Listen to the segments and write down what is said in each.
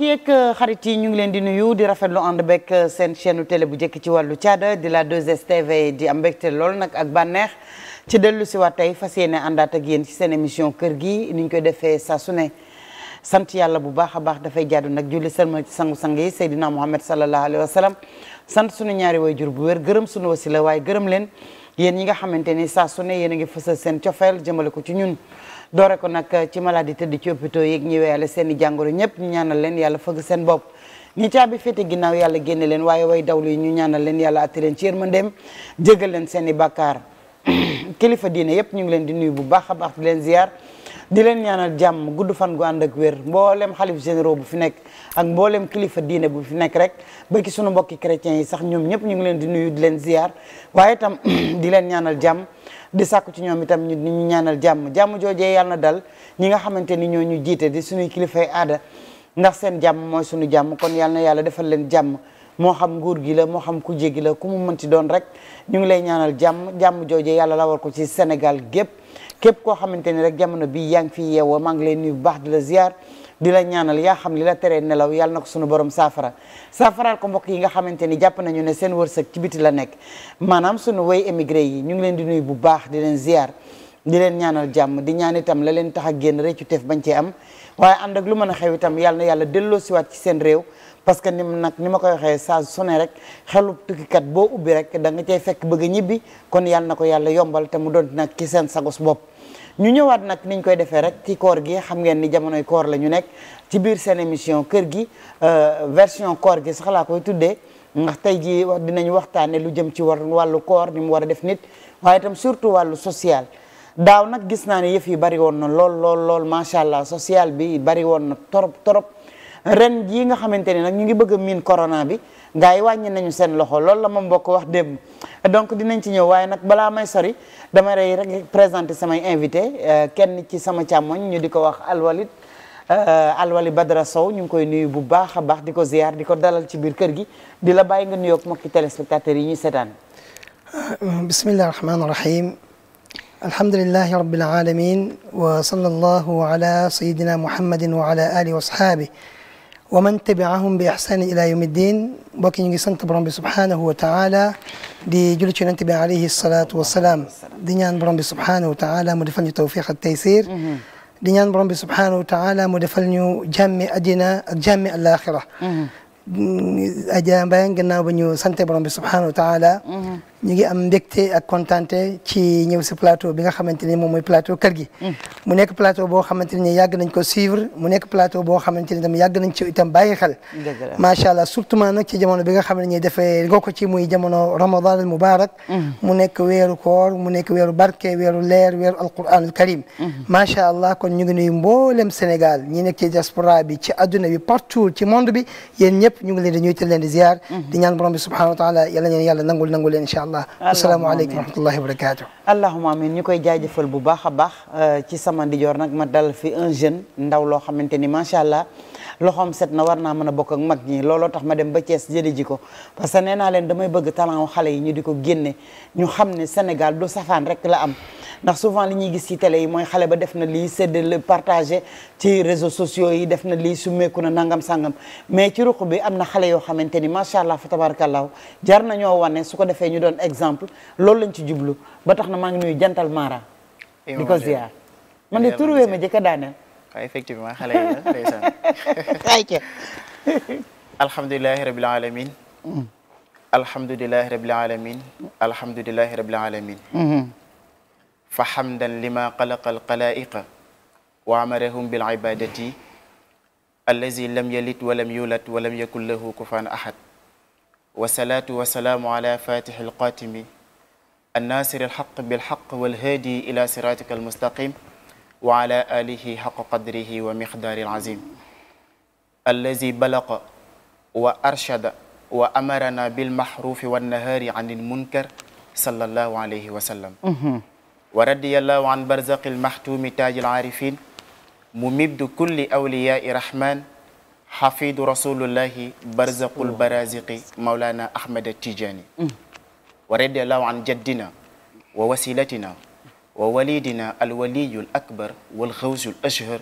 mbokk yeeg euh, xarit yi ñu ngi leen di nuyu di rafetlu ànd beeg euh, seen chaîne télé bu njëkk ci wàllu caada di la 2STV di am mbégte lool nag ak bànneex ci dellu si waat tey fas yéene àndaat ak yéen ci seen émission kër gi ni ñu koy defee saa su ne sant yàlla bu baax a baax dafay jaadu nag julli sëlmal ci sangu-sang yi Seydina Muhammad sallallahu alayhi wa sallam sant sunu ñaari jur bu wér gërëm sunu wasila waaye gërëm leen yéen ñi nga xamante ni saa su ne yéen a ngi fësal seen cofeel jëmale ko ci ñun doore ko nag eh, ci maladie tëdd ci hôpitaux yeeg ñi seen i jàngoro ñëpp ñu ñaanal leen yàlla fëgg seen bopp ñi caabi féete ginaaw yàlla génne leen waaye way dawlu yi ñu ñaanal leen yàlla atti leen ci yërmandeem jégal leen seen i bàkkaar kilifa diine yëpp ñu ngi leen di nuyu bu baax a baax di leen ziar di leen ñaanal jàmm gudd fan gu ànd ak wér mboolem xalif généraux bu fi nekk ak mboolem kilifa diine bu fi nekk rek ba ci sunu mbokki chrétiens yi sax ñoom ñëpp ñu ngi leen di nuyu di leen ziar waaye di leen ñaanal jàmm di sàkku ci ñoom itam ñu ñu ñaanal jàmm jàmm joojee yàlla dal ñi nga xamante ni ñoo ñu jiite di suñuy kilifay aada ndax seen jàmm mooy suñu jàmm kon yàlla na yàlla defal leen jàmm moo xam nguur gi la moo xam ku jégi la ku mu mënti doon rek ñu ngi lay ñaanal jàmm jàmm jooje yàlla war ko ci Sénégal gépp képp koo xamante ni rek jamono bi yaa ngi fi yeewoo maa ngi lay nuyu bu baax di la ziar di la ñaanal yaa xam li la teree nelaw yàlla na ko sunu borom saafara saafaraal ko mbokk yi nga xamante ni jàpp nañu ne seen wërsëg ci biti la nekk maanaam sunu way émigré yi ñu ngi leen di nuyu bu baax di leen ziar di leen ñaanal jàmm di ñaan itam la leen tax ak génn rek ci teef bañ cee am waaye ànd ak lu mën a xew itam yàlla na yàlla delloo siwaat ci seen réew parce que ni nag ni ma koy waxee saa su rek xelu tukkikat boo ubbi rek da nga cay fekk bëgg a ñibbi kon yàlla na ko yàlla yombal mu doon nag ci seen sagos bopp ñu ñëwaat nag niñ koy defee rek ci koor gi xam ngeen ni jamonoy koor la ñu nekk ci biir seen émission kër gi euh, version cor gi sax laa koy tuddee ndax tey jii wax dinañ waxtaane lu jëm ci war wàllu koor ni mu war a def nit waaye itam surtout wàllu social daaw nag gis naa ne yëf yi bari woon na lool lool lool macha allah social bi bari woon na torop torop ren jii nga xamante ne nag ñu ngi bëgg a miin corona bi gars yi wàññi nañu seen loxo loolu la ma mbokk wax démb donc dinañ ci ñëw waaye nag balaa may sori dama rey rek présenter samay invité euh, kenn ci sama càmmoñ ñu di ko wax alwalit euh, alwali Badara Sow ñu ngi koy nuyu bu baax a baax di ko ziar di ko dalal ci biir kër gi di la bàyyi nga nuyoog mbokki téléspectateurs yi ñuy seetaan. Euh, bismillahi rahmaani rahim alhamdulilahi rabbil alamin wa sallallahu ala sayyidina muhammadin wa ala wa ashabihi wa man tabi'ahum bi ihsani ila yawmi ddin mbokk ñu ngi sant borom bi subhanahu wa taala di julli ci yonent bi alayhi salatu wasalaam di ñaan borom bi subhanahu wa taala mu defal ñu tawfiq ak taysir di ñaan borom bi subhanahu wa taala mu defal ñu jàmmi àddina ak jàmmi alaxira Adja Mbaye gannaaw ba ñu sant borom bi mhm. ñu ngi am mbégte ak kontante ci ñëw si plateau bi nga xamante ni moom mooy plateau kër gi mhm. mu nekk plateau boo xamante ni yàgg nañ ko suivre mu nekk plateau boo xamante ni tam yàgg nañ ci itam bàyyi xel macha allah surtout ment nag ci jamono bi nga xam ne ñuy defee nga ko ci muy jamono ramadan al mubarak mhm. mu nekk weeru koor mu nekk weeru barke weeru leer weeru alquranul karim macha allah kon ñu gi nuyu mboolem Sénégal ñi nekk ci diaspora bi ci adduna ci monde bi yéen ñu ngi leen di ñuy tël leen di ziar mm-hmm. di ñaan borom bi subhanahu wa taala yàlla ñeen yàlla leen incha allah asalaamaaleykum wa rahmatullahi wa barakatuh allahuma amin ñu koy jaajëfal bu baax a baax euh, ci sama ndijoor nag ma dal fi un jeune ndaw loo xamante ni macha allah loxoom set na war naa mën a bokk ak mag ñi looloo tax ma dem ba Thiès jëli ji ko parce que nee naa leen damay bëgg talent xale yi ñu di ko génne ñu xam ne Sénégal du safaan rek la am ndax souvent li ñuy gis ci tele yi mooy xale ba def na lii séddale partagé ci réseaux sociaux yi def na lii sumeeku na nangam sangam mais ci ruq bi am na xale yoo xamante ni macha allah fu fa tabarakallah jar na nañoo wane su ko defee ñu doon exemple loolu lañ ci jublu ba tax na maa ngi nuyu jantal Mara. di ko waaw effectivement xale yi la ndeysaan ayca alhamdulilahi rabil alamin mm. alhamdulilahi rabil alamin alhamdulilahi rabil alamin mm-hmm. fa xamdan lima xalaqa alxalaa'iqa wa amarahum bil ibadati allazi lam yalid wa lam yulad wa lam yakun lahu kufaan ahad wasalaatu wasalaamu ala fatixi alqaatimi annaasiri alxaq bilxaq walhaadi ila siratika almustaqim wa ala alihi xaqa qadrihi wa miqdaari alazim allazi balaqa wa arshada wa amarana bilmahrufi wannahaari an ilmunkar sallallahu alayhi wa sallam mhm. wa radiyallahu an barzaqi almaxtuumi taaji alaarifin mumibdu kulli awliyaai rahman xafidu rasulullahi barzaqu lbaraziqi maulana ahmad atijani mm. wa radiyallahu an jaddina wa wasilatina wa walidina alwaliyu l akbar walxawsu l ashhar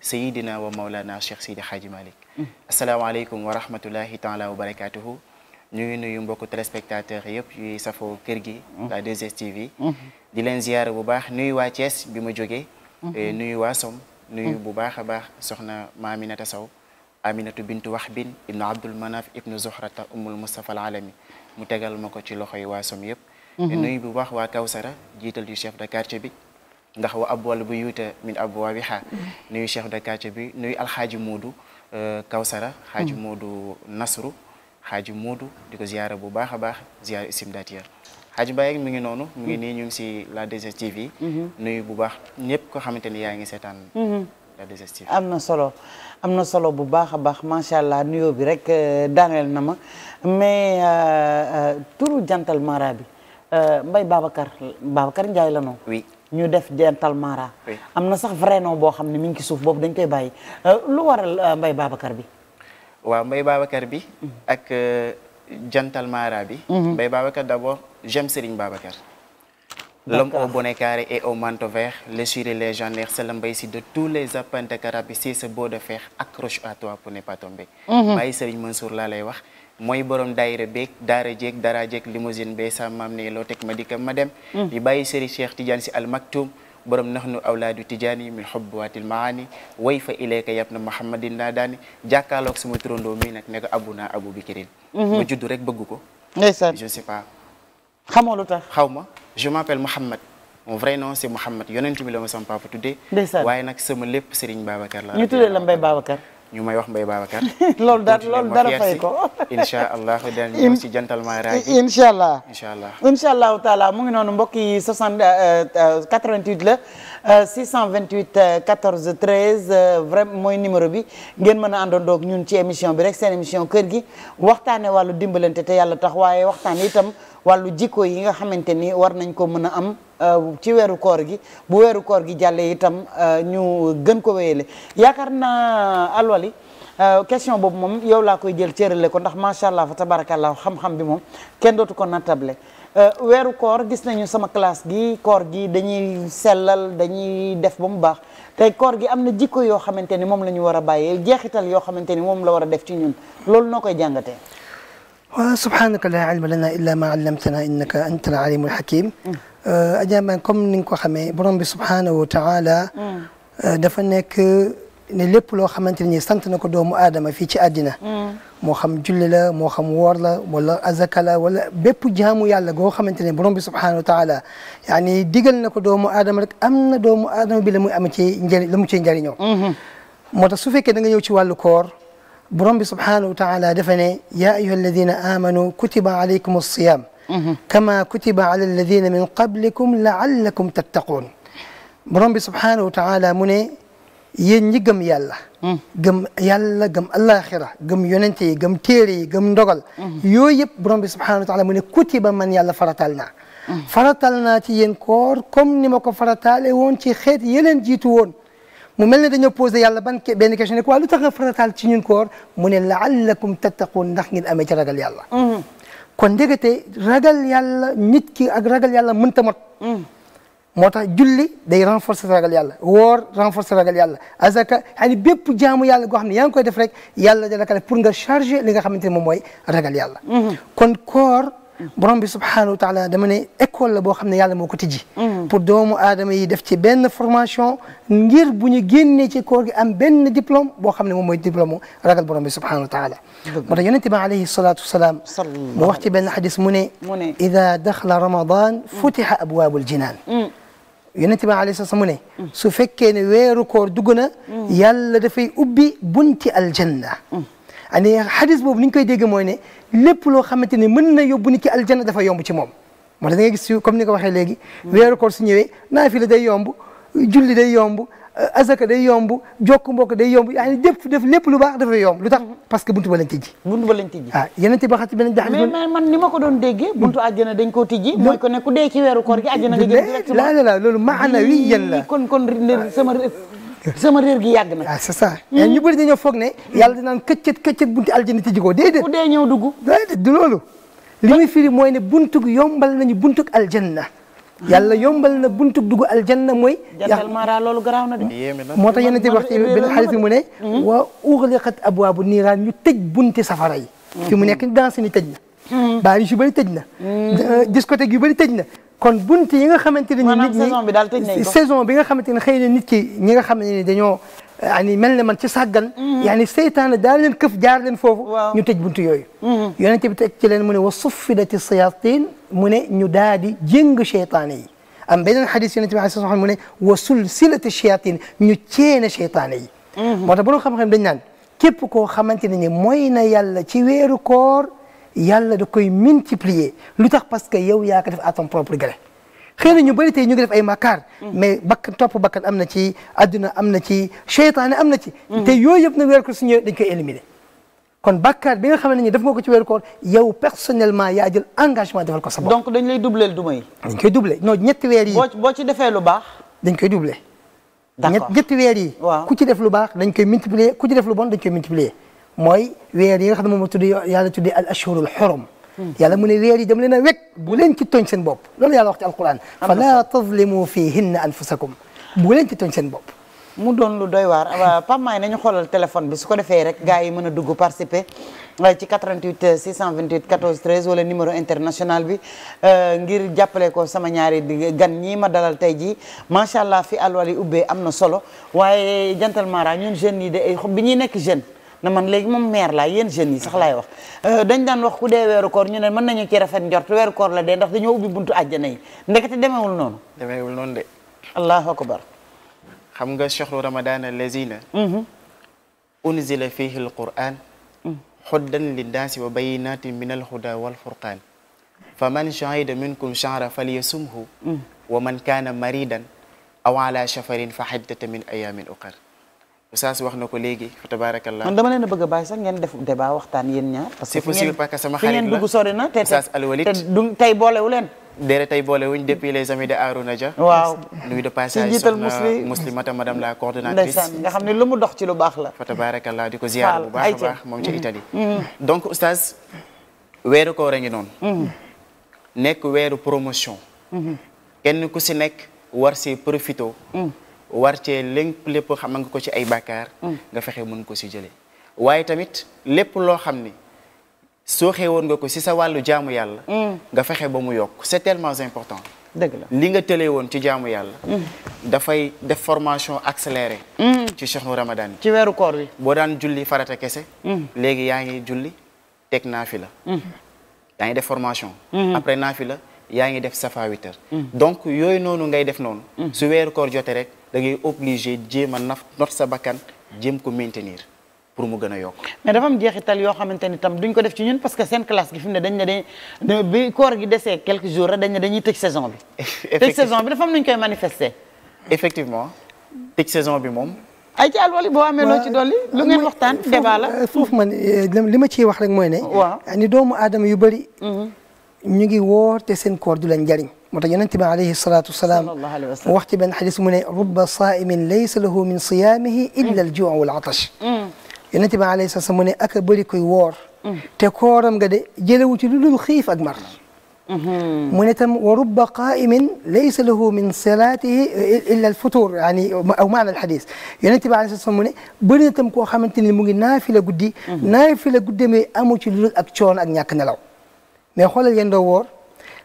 sayidina wa maulana cheikh sidi xaaji malik mm. asalaamaaleykum wa rahmatullahi taala wa barakatuhu ñu ngi nuyu mbokku téléspectateurs yëpp yuy safoo kër gi mm. la 2STV mm. di leen ziyaara bu baax nuyu waa Thiès bi ma jógee mm-hmm. eh, nuyu waa Som nuyu bu baax a baax soxna Maminata Sow Aminatu bintu Wahbin ibnu Abdul Manaf ibnu Zuhrata umul Mustafa al alami mu tegal ma ko ci loxoy waa Som yëpp Mm-hmm. nuyu bu baax waa Kawsara jiital yu chef de quartier bi ndax wa abwal bu yuuta min abwaabiha mm-hmm. nuyu chef de quartier bi nuyu alxaaji Moodu euh, Kawsara xaaji mm-hmm. Moodu Nasru xaaji Moodu di ko ziyaara bu baax a baax ziyaara istimdaatiya xaaji Mbaye mi ngi noonu mu ngi nii ñu ngi si la 2STV nuyu bu baax ñëpp ko xamante ni yaa ngi seetaan am na solo am na solo bu baax a baax macha allah nuyoo bi rek euh, daaneel na ma mais euh, turu jantal mara Euh, Mbaye Babacar Babacar Ndiaye la non. oui ñu def Dental Mara. am na sax vrai nom boo xam ne mi ngi ci suuf boobu dañ koy bàyyi euh, lu waral euh, mbay Babacar bi. waaw Mbaye Babacar bi. Mm-hmm. ak Dental Mara bi. Mm-hmm. Mbaye Babacar d'abord j'aime Serigne Babacar. L'homme au bonnet carré et au manteau vert, le sourire légendaire, c'est l'embassy de tous les apprenti carabes, c'est ce beau de accroche à toi pour ne pas tomber. Maï mm-hmm. Serigne lay wax. mooy borom daayira beeg daara jeeg dara jeeg limousine bee sa maam ne loo teg ma dikkam ma dem mm. di bàyyi Serigne Cheikh Tidiane si almaktum borom nahnu awlaadu tijaani min xubbuwaatil maani way fa ilayka yab na muhammadin laa daani jàkkaarloog sama turandoo mi nag ne ko abu naa abu bikirin mm-hmm. ma judd rek bëgg ko ndeysaan je ne sais pas xamoo lu ma je m'appelle Mouhamad mon la ma sama papa tuddee ndeysaan waaye nag sama lépp Serigne la ñu tuddee la ñu may wax Mbaye Babacar. loolu dara loolu dara fay ko incha allah daan si jantal maaraay. incha allah incha allah. incha allahu taala mu ngi noonu mbokk yi 60 88 euh, euh, la 628 14 13 vraiment mooy numéro bi ngeen mën a àndandoo ak ñun ci émission bi rek seen émission kër gi waxtaanee wàllu dimbalante te yàlla tax waaye waxtaan itam. wàllu jikko yi nga xamante ni war nañ ko mën a am euh, ci weeru koor gi bu weeru koor gi jàllee itam euh, ñu gën ko wéyale yaakaar naa alwali euh, question boobu moom yow laa koy jël cërale lekko ndax macha allah fa tabarakallah xam-xam bi moom kenn dootu ko nattable weeru koor gis nañu sama classe gi koor gi dañuy sellal dañuy def ba mu baax te koor gi am na jikko yoo xamante ni moom la ñu war a bàyyee jeexital yoo xamante ni moom la war a def ci ñun loolu noo koy jàngatee. subhanaka la ilma lana illa ma allamtana innaka antal alimul hakim Adja Mbengue comme ni nga ko xamee borom bi subhanahu wa taala dafa nekk ne lépp loo xamante ni sant na ko doomu aadama fii ci àddina moo xam julli la moo xam woor la wala azaka la wala bépp jaamu yàlla goo xamante ne borom bi subhanahu wa taala yaani digal na ko doomu aadama rek am na doomu aadama bi la muy am ci njëriñ la mu ciy njëriñoo moo tax su fekkee da nga ñëw ci wàllu koor borom bi subhaanahu wa taala dafa ne yaa ayuha alladina amanu kutiba alaykum alsiyam mhm. kama kutiba ala alladina min qablikum laallakum tattaquun borom bi subhaanahu wa taala mu ne yéen ñi gëm yàlla mhm. gëm yàlla gëm alaxira gëm yonente yi gëm téere yi gëm ndogal mhm. yooyu yëpp borom bi subhaanahu wa taala mu ne kutiba man yàlla faratal naa faratal naa ci yéen koor comme ni ma ko farataale woon ci xeet yeleen jiitu woon mu mel ne dañoo posé yàlla ban benn question ne ko lu tax nga farataal ci ñun koor mu ne laallakum tattaqun ndax ngeen amee ci ragal yàlla mm-hmm. kon ndegete ragal yàlla nit ki ak ragal yàlla mënta mot mm-hmm. moo tax julli day renforcer ragal yàlla woor renforcer ragal yàlla azaka xani bépp jaamu yàlla goo xam ne yaa ngi koy def rek yàlla dala ka pour nga charger li nga xamante ne moom mooy ragal yàlla mm-hmm. borom bi subhanahu wa taala dama ne école la boo xam ne yàlla moo ko tijji mm-hmm. pour doomu aadama yi def ci benn formation ngir bu ñu génnee ci koor gi am benn diplôme boo xam ne moom mooy diplôme ragal borom bi subhanahu wa taala moo tax yonente bi alayhi salatu wasalaam mu wax ci benn xadis mu ne ida daxala ramadan futiha abwaabul jinaan mm. yonente bi alayhi salatu mu ne mm. su fekkee ne weeru koor dugg na mm. yàlla ubbi bunti aljanna ani xadis boobu ni ñu koy dégg ne lépp loo xamante ne mën na yóbbu nit ki aljanna dafa yomb ci moom moo tax da ngay gis comme ni ko waxee léegi weeru koor su ñëwee naafila day yomb julli day yomb azaka day yomb jokk day yomb yaani def def lépp lu dafa yomb lu tax parce buntu ba lañ tijji buntu ba lañ tijji waaw yenente ba man ni ko doon déggee buntu àjjana dañ koo tijji mooy ko ne ku dee ci weeru koor gi àjjana nga jël directement la sama réer gi yàgg na ah c'est ça ñu bëri dañoo foog ne yàlla dinaan këccët këccët bunti aljana ci jikoo déedéet ku dee ñëw dugg déedéet du loolu li firi mooy ne buntug yombal nañu buntug aljanna yàlla yombal na buntug dugg aljanna mooy jantal mara loolu garaaw na de moo tax yenente bi wax ci benn xarit mu ne hmm? wa uxliqat abwaabu niiraan ñu tëj bunti safara yi fi mu nekk danse ni tëj na Mm. baar yu si bëri tëj na. Mm. Euh, discothèque yu bëri tëj na. kon bunt yi nga xamante ne nit ñi saison bi daal tëj nañ ko saison bi nga xamante ne xëy na nit ki ñi nga xam ne dañoo. yaani euh, mel ne man ci sàggan mm-hmm. yaani seytaane daal leen këf jaar leen foofu ñu tëj buntu yooyu mm-hmm. yonente bi teg ci leen mu ne wa suffidati sayaatin mu ne ñu daal di jéng seytaane yi am beneen xadis yonente bi alayhi mu ne wa sulsilati sayaatin ñu ceene seytaane yi mm-hmm. moo tax borom xam-xam dañ naan képp koo xamante ne ni mooy na yàlla ci weeru koor yàlla da koy multiplier lu tax parce que yow yaa ko def à ton propre gré xëy na ñu bëri tey ñu def ay makkaar. Mm. mais bakkan topp bakkan am na ci adduna am na ci seytaane am na ci. Mm. te yooyu yëpp na weer ko si ñëwee dañ koy éliminer. kon bakkaar bi nga xam ne daf nga ko ci weer koor yow personnellement yaa jël engagement defal ko sa bopp. donc dañ lay doubleel duma yi. dañ koy doublé non ñetti weer yi. boo boo ci defee lu baax. dañ koy duble d'accord ñetti weer yi. ku ci def lu baax dañ koy multiplier ku ci def lu bon dañ koy multiplier. mooy weer yi nga xam ne moom la tuddee yàlla tuddee al ashhurul xurum yàlla mu ne weer yi dem leen a wekk bu leen ci tooñ seen bopp loolu yàlla wax ci alquran fala tazlimu fihinna anfusakum ci tooñ seen bopp mu doon lu doy waar Pape Maye nañu xoolal téléphone bi su ko defee rek gars yi mën a euh, euh, wala numéro international bi euh, ngir jàppale ko sama ñaari gan ñii ma dalal tey jii macha allah fi alwali ubbee am na solo waaye jantal mara ñun jeunes yi de eh, bi ñuy nekk jeune. na man léegi moom maire laa yéen jeunes yi sax laay wax euh, dañ daan wax ku dee weeru koor ñu ne mën nañu ci rafet njort weeru koor la dee ndax dañoo ubbi buntu àjjana yi ndekete demeewul noonu demeewul noonu de allahu akbar xam nga chahru ramadan allazina mhm. unzila fihi alquran mm. huddan linnaasi wa bayinatin min alhuda walfurqan fa man shahida minkum shahra falyasumhu mm. wa man kaana maridan aw ala safarin fa iddatan min ayamin ukhar Oustaz wax na ko léegi fa dama leen a bëgg a sax ngeen def débat waxtaan yéen ñaar. parce fi ngeen dugg sori na boolewu leen. déedéet tey boolewuñ depuis les amis de Arouna Dia. waaw nuyu de passage soxna muslimata la coordonnatrice. nga xam ne lu mu dox ci lu baax la. fa tabarakallah di ko ziar bu baax a baax moom ci Italie. Mm-hmm. donc Oustaz weeru koor ngi noonu. Mm-hmm. nekk weeru promotion. Mm-hmm. kenn ku si nekk war si profito. war cee lépp lépp xam nga ko ci ay bàkkaar mm. nga fexe mën ko si jële waaye tamit lépp loo xam ni soo xewoon nga ko si sa wàllu jaamu yàlla mm. nga fexe ba mu yokk c'est tellement important dëgg li nga tëlee woon ci jàmm yàlla mm. dafay def formation accélérée ci chahru ramadan ci weeru koor bi boo daan julli farata kese léegi yaa ngi julli teg naa fi la yaa ngi def formation après naa yaa ngi def safa witr mm. donc yooyu noonu ngay def noonu mm. su weeru koor jotee rek da ngay obligé naf not sa jéem ko maintenir pour mu gën a yokk mais dafa am jeexital yoo xamante ni tam duñ ko def ci ñun parce que seen classe gi fi mu ne bi koor gi desee quelques jours rek dañuy tëj saison bi tëj saison bi dafa am nu koy manifester effectivement tëj saison bi moom ay ci alwali boo amee loo ci dolli lu ngeen waxtaan débat la foofu man eh, li ma wax rek mooy ne ni doomu aadama yu bëri mm-hmm. ñu ngi woor te seen koor du leen jariñ moo tax yonente bi alayhi salaatu wasalaam wax ci benn xadis mu ne rubba saaimin laysa lahu min siyaamihi illa al juu wal atash ak a bëri koy woor mm. te kooram nga de jëlewu ci lu dul xiif ak mar mm-hmm. mu ne tam wa rubba qaa'imin laysa lahu min salaatihi illa al-futuur yaani aw maana al-hadiis Yonent tam koo xamante ni mu ngi naafila guddi mm-hmm. naafila guddi mais amu ci lu ak coon ak ñàkk law mais xoolal yéen doo woor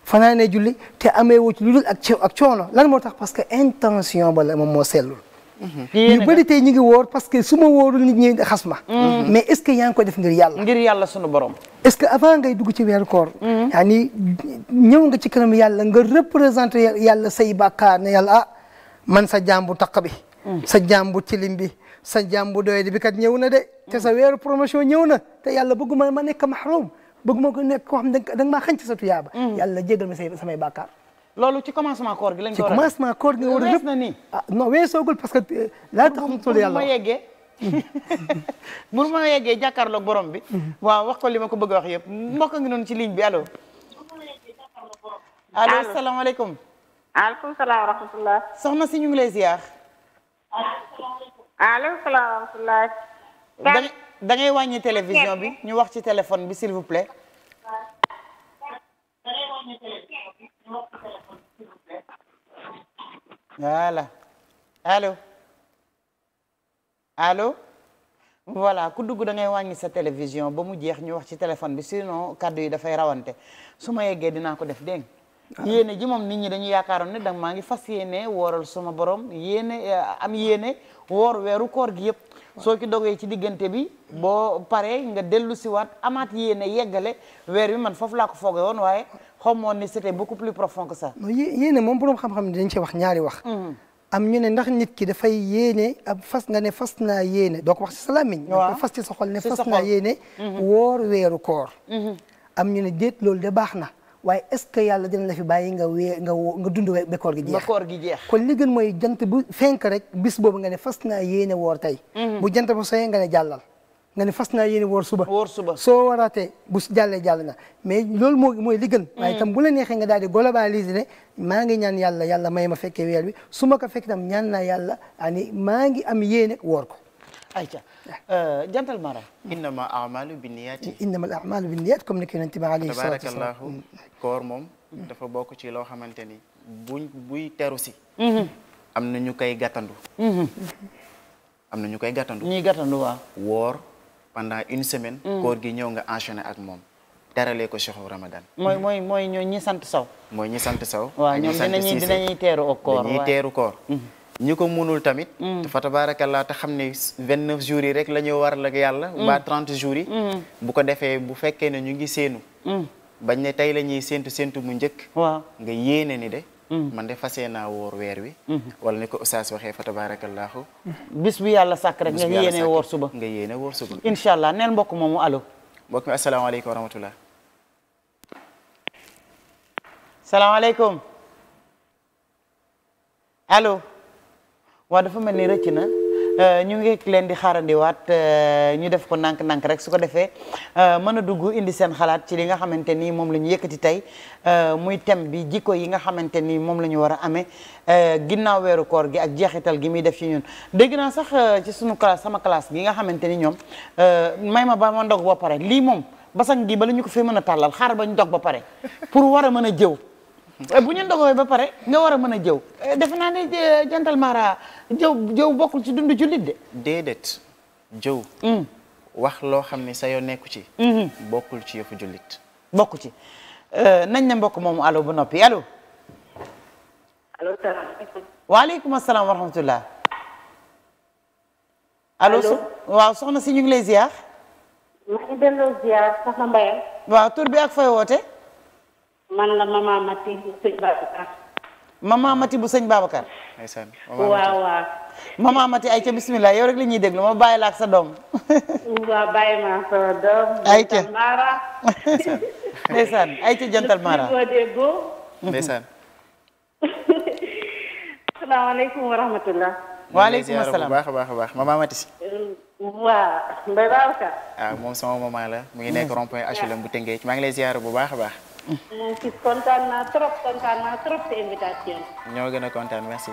fanaanee julli te amee wu ci lu dul ak ceeb coono lan moo tax parce que intention bala moom moo sellul. ñu bëri tey ñu ngi wóor parce que su ma wóorul nit ñi xas ma. Mm-hmm. mais est ce yaa ngi ko def ngir yàlla. ngir yàlla sunu borom. est ce que avant ngay dugg ci weeru koor. Mm-hmm. yaa ni ñëw nga ci kanam yàlla nga représenté yàlla say bàkkaar ne yàlla ah man sa jaam bu bi. Mm. sa jaam bu tilim bi sa jaam bu doy kat ñëw na de. te sa weeru promotion ñëw na te yàlla bëgguma ma nekk mahrum bëgguma ko nekk koo xam ne da nga maa xañ ci sa tuyaaba mm. yàlla jégal ma say samay bàkkaar loolu ci commencement koor gi lañ ko war a ci commencement koor gi nga war a def na nii ah non weesoogul parce que eh, laa tax mu toll yàlla ma yeggee mën mm. ma yeggee jàkkaarloog borom bi mm-hmm. waaw wax ko li ma ko bëgg a wax yëpp mbokk ngi noonu ci ligne bi allo allo salaamaaleykum aleykum salaam wa rahmatullah soxna si ñu ngi lay ziar aleykum salaam wa rahmatullah da wàññi télévision bi ñu wax ci téléphone bi s'il vous plaît. voilà allo allo. voilà ku dugg da ngay wàññi sa télévision ba mu jeex ñu wax ci téléphone bi sinon kàddu yi dafay rawante su ma yeggee dinaa ko def dégg ah. yéene ji moom nit ñi dañu yaakaaroon ne danga maa ngi fas yéene wooral suma boroom yéene eh, am yéene woor weeru koor gi yëpp soo ci dogee ci diggante bi boo paree nga dellu si waat amaat yéene yeggale weer bi man foofu laa ko foogee woon waaye xamoon ni c'était beaucoup plus profond que ça yéene moom boroom xam-xam ne dañ wax ñaari wax mm-hmm. am ñu ne ndax nit ki dafay yéene ab fas nga ne fas naa yéene doo ko wax si sa làmmiñ ko fas ci sa xol ne fas naa yéene mm-hmm. woor weeru koor mm-hmm. am ñu ne déet loolu de baax na waaye est-ce que yàlla dina la fi bàyyi nga wee nga nga dund ba koor gi jeex ba koor gi jeex mooy jant bu fenk rek bis boobu nga ne fas naa yéene woor tey mhm. bu jant ba soyee nga ne jàllal nga ne fas naa yéene woor suba woor suba soo waraatee bu jàllee jàll na mais loolu moo mooy li gën mhm. waaye itam bu la neexee nga daal di globaliser ne maa ngi ñaan yàlla yàlla may ma fekkee weer bi su ma ko fekk itam ñaan naa yàlla ani maa ngi am yéene woor ko ayca euh, jantal mara innama a binniyaati innama amalu binniyaat comme ni ko yonente bi alayhi salaatu tabarakallahu koor moom dafa bokk ci loo xamante ni buñ buy teru si mhm. am na ñu koy gàttandu mhm. am na ñu koy gatandu ñuy gàttandu waaw woor pendant une semaine mhm. koor gi ñëw nga enchaîné ak moom teralee ko Cheikh Ramadan mooy mooy ñi sant saw mooy ñi sant saw waaw ñoom dinañuy dinañuy koor ñu ko munul tamit. Mm. fa tabaarakallaa te xam ne vingt neuf jouri rek la ñu war la yàlla. Mm. ba trente jours mm. bu ko defee bu fekkee ne ñu ngi séenu. bañ ne tey la ñuy séentu séentu mu njëkk. nga yéene ni de. man de fas yéenaa woor weer wi. wala ni ko Oustaz waxee fa tabaarakallaahu. bis bu yàlla sàkk rek nga yéene woor suba. nga yéene woor suba. incha allah neel mbokk moomu allo. mbokk mi asalaamaaleykum wa allo. waa dafa mel ni rëcc na euh, ñu ngi leen di xaarandiwaat euh, ñu def ko nànk nank rek su ko defee euh, mën a dugg indi seen xalaat ci li nga xamante ni moom la ñu yëkkati tey muy thème bi jikko yi nga xamante ni moom la ñu war a amee ginnaaw weeru koor gi ak jeexital gi muy def ci ñun. dégg naa sax ci sunu classe sama classe gi nga xamante ni ñoom may ma ba ma ndog ba pare lii moom basang gi ba la ko fee mën a tàllal xaar ba ñu ba pare pour war a mën a jëw. Eh, bu ñu ndogoo ba pare nga war a mën a jëw eh, defe naa ne eh, jantal Mara jëw jëw bokkul ci dundu jullit de. déedéet jëw. Mm. wax loo xam ne sa yoo nekku ci. Mm-hmm. bokkul ci yëfu jullit. bokku ci nañ ne mbokk moomu allo bu noppi allo. allo salaam wa rahmatulah. waaw soxna si ñu ngi lay ziar. waaw tur ak fay woote. man la bu sëñ Babacar. maman Mati bu sëñ Babacar. ndeysaan maman Mati waaw bismillah yow rek li ñuy déglu ma bàyyi la sa doom. waaw bàyyi ma jantal Mara. jantal Mara. ndeysaan. asalaamaaleykum wa rahmatullah. waaleykum salaam baax a baax baax maman Mati. waaw Mbaye Babacar. ah moom sama maman la. mu nekk rond point HLM bu Tëngéej maa ngi lay bu baax a baax. kii kontaan trop kontaan trop ci invitation ñoo gën a kontaan merci.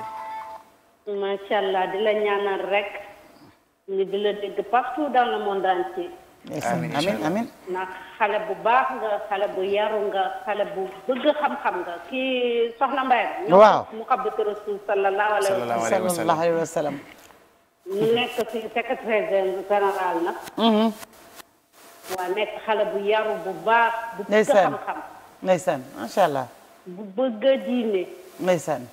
macha allah di la ñaanal rek. ñu di la dégg partout dans le monde entier. amiin amiin amiin xale bu baax nga xale bu yaru nga xale bu bëgg xam-xam nga kii soxna Mbaye. mu xabatu rasul sallallahu alayhi wa sallam. mu nekk fi secrétaire général nag. Mm-hmm. waa nekk xale bu yaru bu baax. bu bëgg xam-xam. ndeysaan macha allah. bu bëgg a diine. ndeysaan.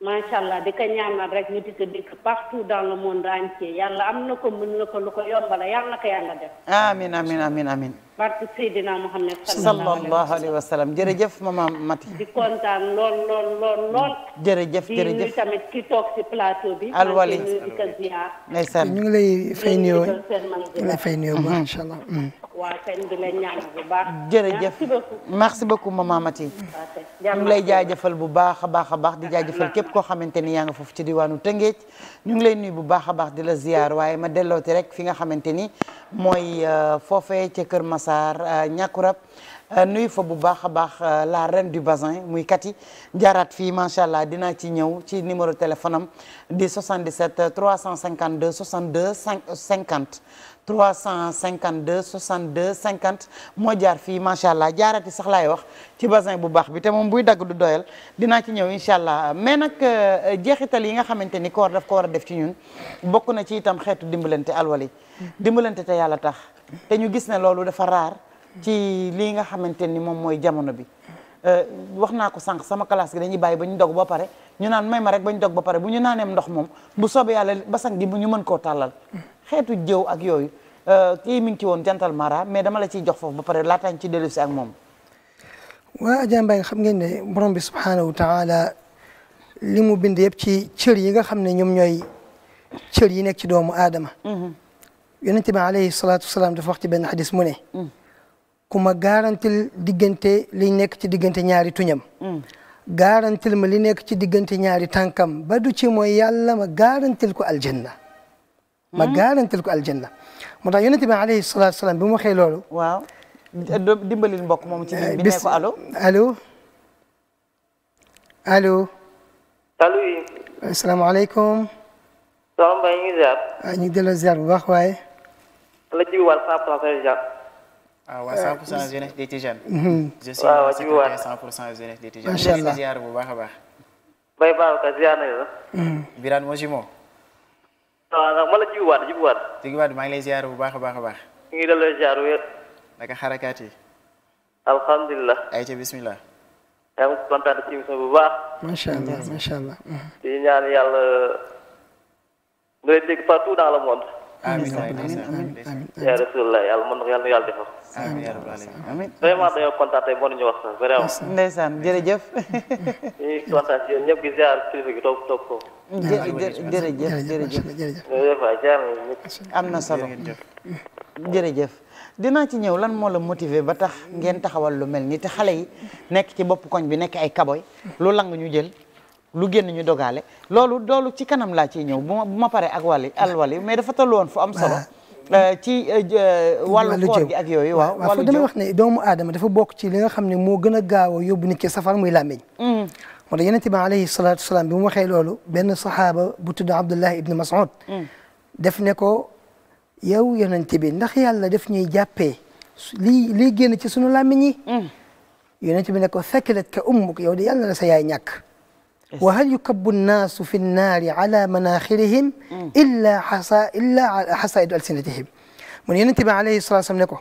macha allah di ko ñaanal rek ñu di ko dégg partout dans le monde entier yàlla am na ko mën na ko lu ko yombala yàlla na ko yàlla def. amiin amiin amiin amiin. barke Seydina Mouhamed. sallallahu alayhi wa sallam jërëjëf mama Mati. di kontaan lool lool lool lool. ñu ngi lay fay nuyoo ñu ngi lay fay nuyoo bu incha allah. waaw bu baax. Mati. ñu ngi lay jaajëfal bu baax a baax a baax di jaajëfal képp koo xamante ni yaa nga foofu ci diwaanu Tëngéej. ñu ngi lay nuyu bu baax a baax di la ziyaar waaye ma dellooti rek fi nga xamante ni mooy euh, foofee ca Kër Massar ñàkkurab euh, euh, nuyu fa bu baax a baax laa ren du bazin muy Kati jaaraat fii macha allah dinaa ci ñëw ci numéro téléphone am di 77 352 62 50 cent 352 62 50 moo jaar fii macha allah jaarati sax laay wax ci basin bu baax bi te moom buy dagg du doyal dinaa ci ñëw incha allah mais nag euh, jeexital yi nga xamante ni koor daf ko war a def ci ñun bokk na ci itam xeetu dimbalante alwali dimbalante te yàlla tax te ñu gis ne loolu dafa raar ci lii nga xamante ni moom mooy jamono bi euh, wax naa ko sànq sama classe gi dañuy bàyyi ba ñu dog ba pare ñu naan may ma rek ba ñu dog ba pare bu ñu naaneem ndox moom bu soobee yàlla basang gi bu ñu mën koo tàllal xeetu jëw ak yooyu euh, kii mi ngi ci woon jantal mara mais dama la ciy jox foofu ba pare laataañ ci dellu si ak moom waa Adja Mbaye xam ngeen ne borom bi subhaanahu wa taala li mu bind yëpp ci cër yi nga xam ne ñoom ñooy cër yi nekk ci doomu aadama mhm. yonente bi alayhi ci benn xadis mu ne mm. ku ma garantil diggante li nekk ci diggante ñaari tuñam mm. garantil ma li nekk ci diggante ñaari tànkam ba du ci mooy yàlla ma garantil ko aljanna ma hmm? garantil ko aljanna moo tax yonent bi alayhi salaatu salaam bi mu waxee loolu. waaw dimbali mbokk moom ci bi ne ko allo. allo allo. allo. asalaamaaleykum. soxna Mbaye ñu ngi ziar. waaw ah, ñu ngi delloo ziar bu baax waaye. la jiwaat 100% ziar. ah waaw 100% euh, jeunesse des Tidianes. Mhm. je suis waaw jiwaat 100% jeunesse des Tidianes. macha allah ziar bu baax a baax. Mbaye Babacar ziar nañu la. Mhm. Birane Mojimo. waaw ndax man la jiwaat jiwaat. jiwaat maa ngi lay ziar bu baax a baax a baax. ñu ngi delloo ziar wér. naka xarakaat yi. alhamdulilah. ayca bismillah. yaa ngi kontaan ci émission bu baax. macha allah macha allah. di ñaan yàlla nga leen dégg partout dans le monde. amiin yàlla mën yàlla defal. amiin yaa rabbal aalamiin vraiment dañoo kontaan tey mënuñu wax sax jërëjëf. toog toog ko. jërëjëf jërëjëf jërëjëf waay jaar am na solo jërëjëf. dinaa ci ñëw lan moo la motiver ba tax ngeen taxawal lu mel nii xale yi nekk ci bopp koñ bi nekk ay kaboy lu lang ñu jël. lu génn ñu dogaale loolu doolu ci kanam laa ciy ñëw bu ma bu ak paree ak wàlli alwali ah. mais dafa tollu woon fu am solo ah. euh, ci euh, euh, wàllu koor gi ak yooyu waaw waaw damay wax ne doomu aadama dafa bokk ci li nga xam ne moo gën a gaaw a yóbbu nit safar muy làmmiñ mm. moo tax yonent bi alayhi salaatu wasalaam waxee loolu benn saxaaba bu tudd Abdullahi ibn Mas'ud mm. def ne ko yow yonent bi ndax yàlla def ñuy jàppee li lii génn ci sunu làmmiñ yi mm. yonent bi ne ko thakilat ka ummuk yow de yàlla la sa yaay ñàkk wa hal yukabbu nnaasu fi nnaari ala manaaxirihim illa xasa illa xasaidu alsinatihim mu ne yonente bi alayhi salaatu salaam ne ko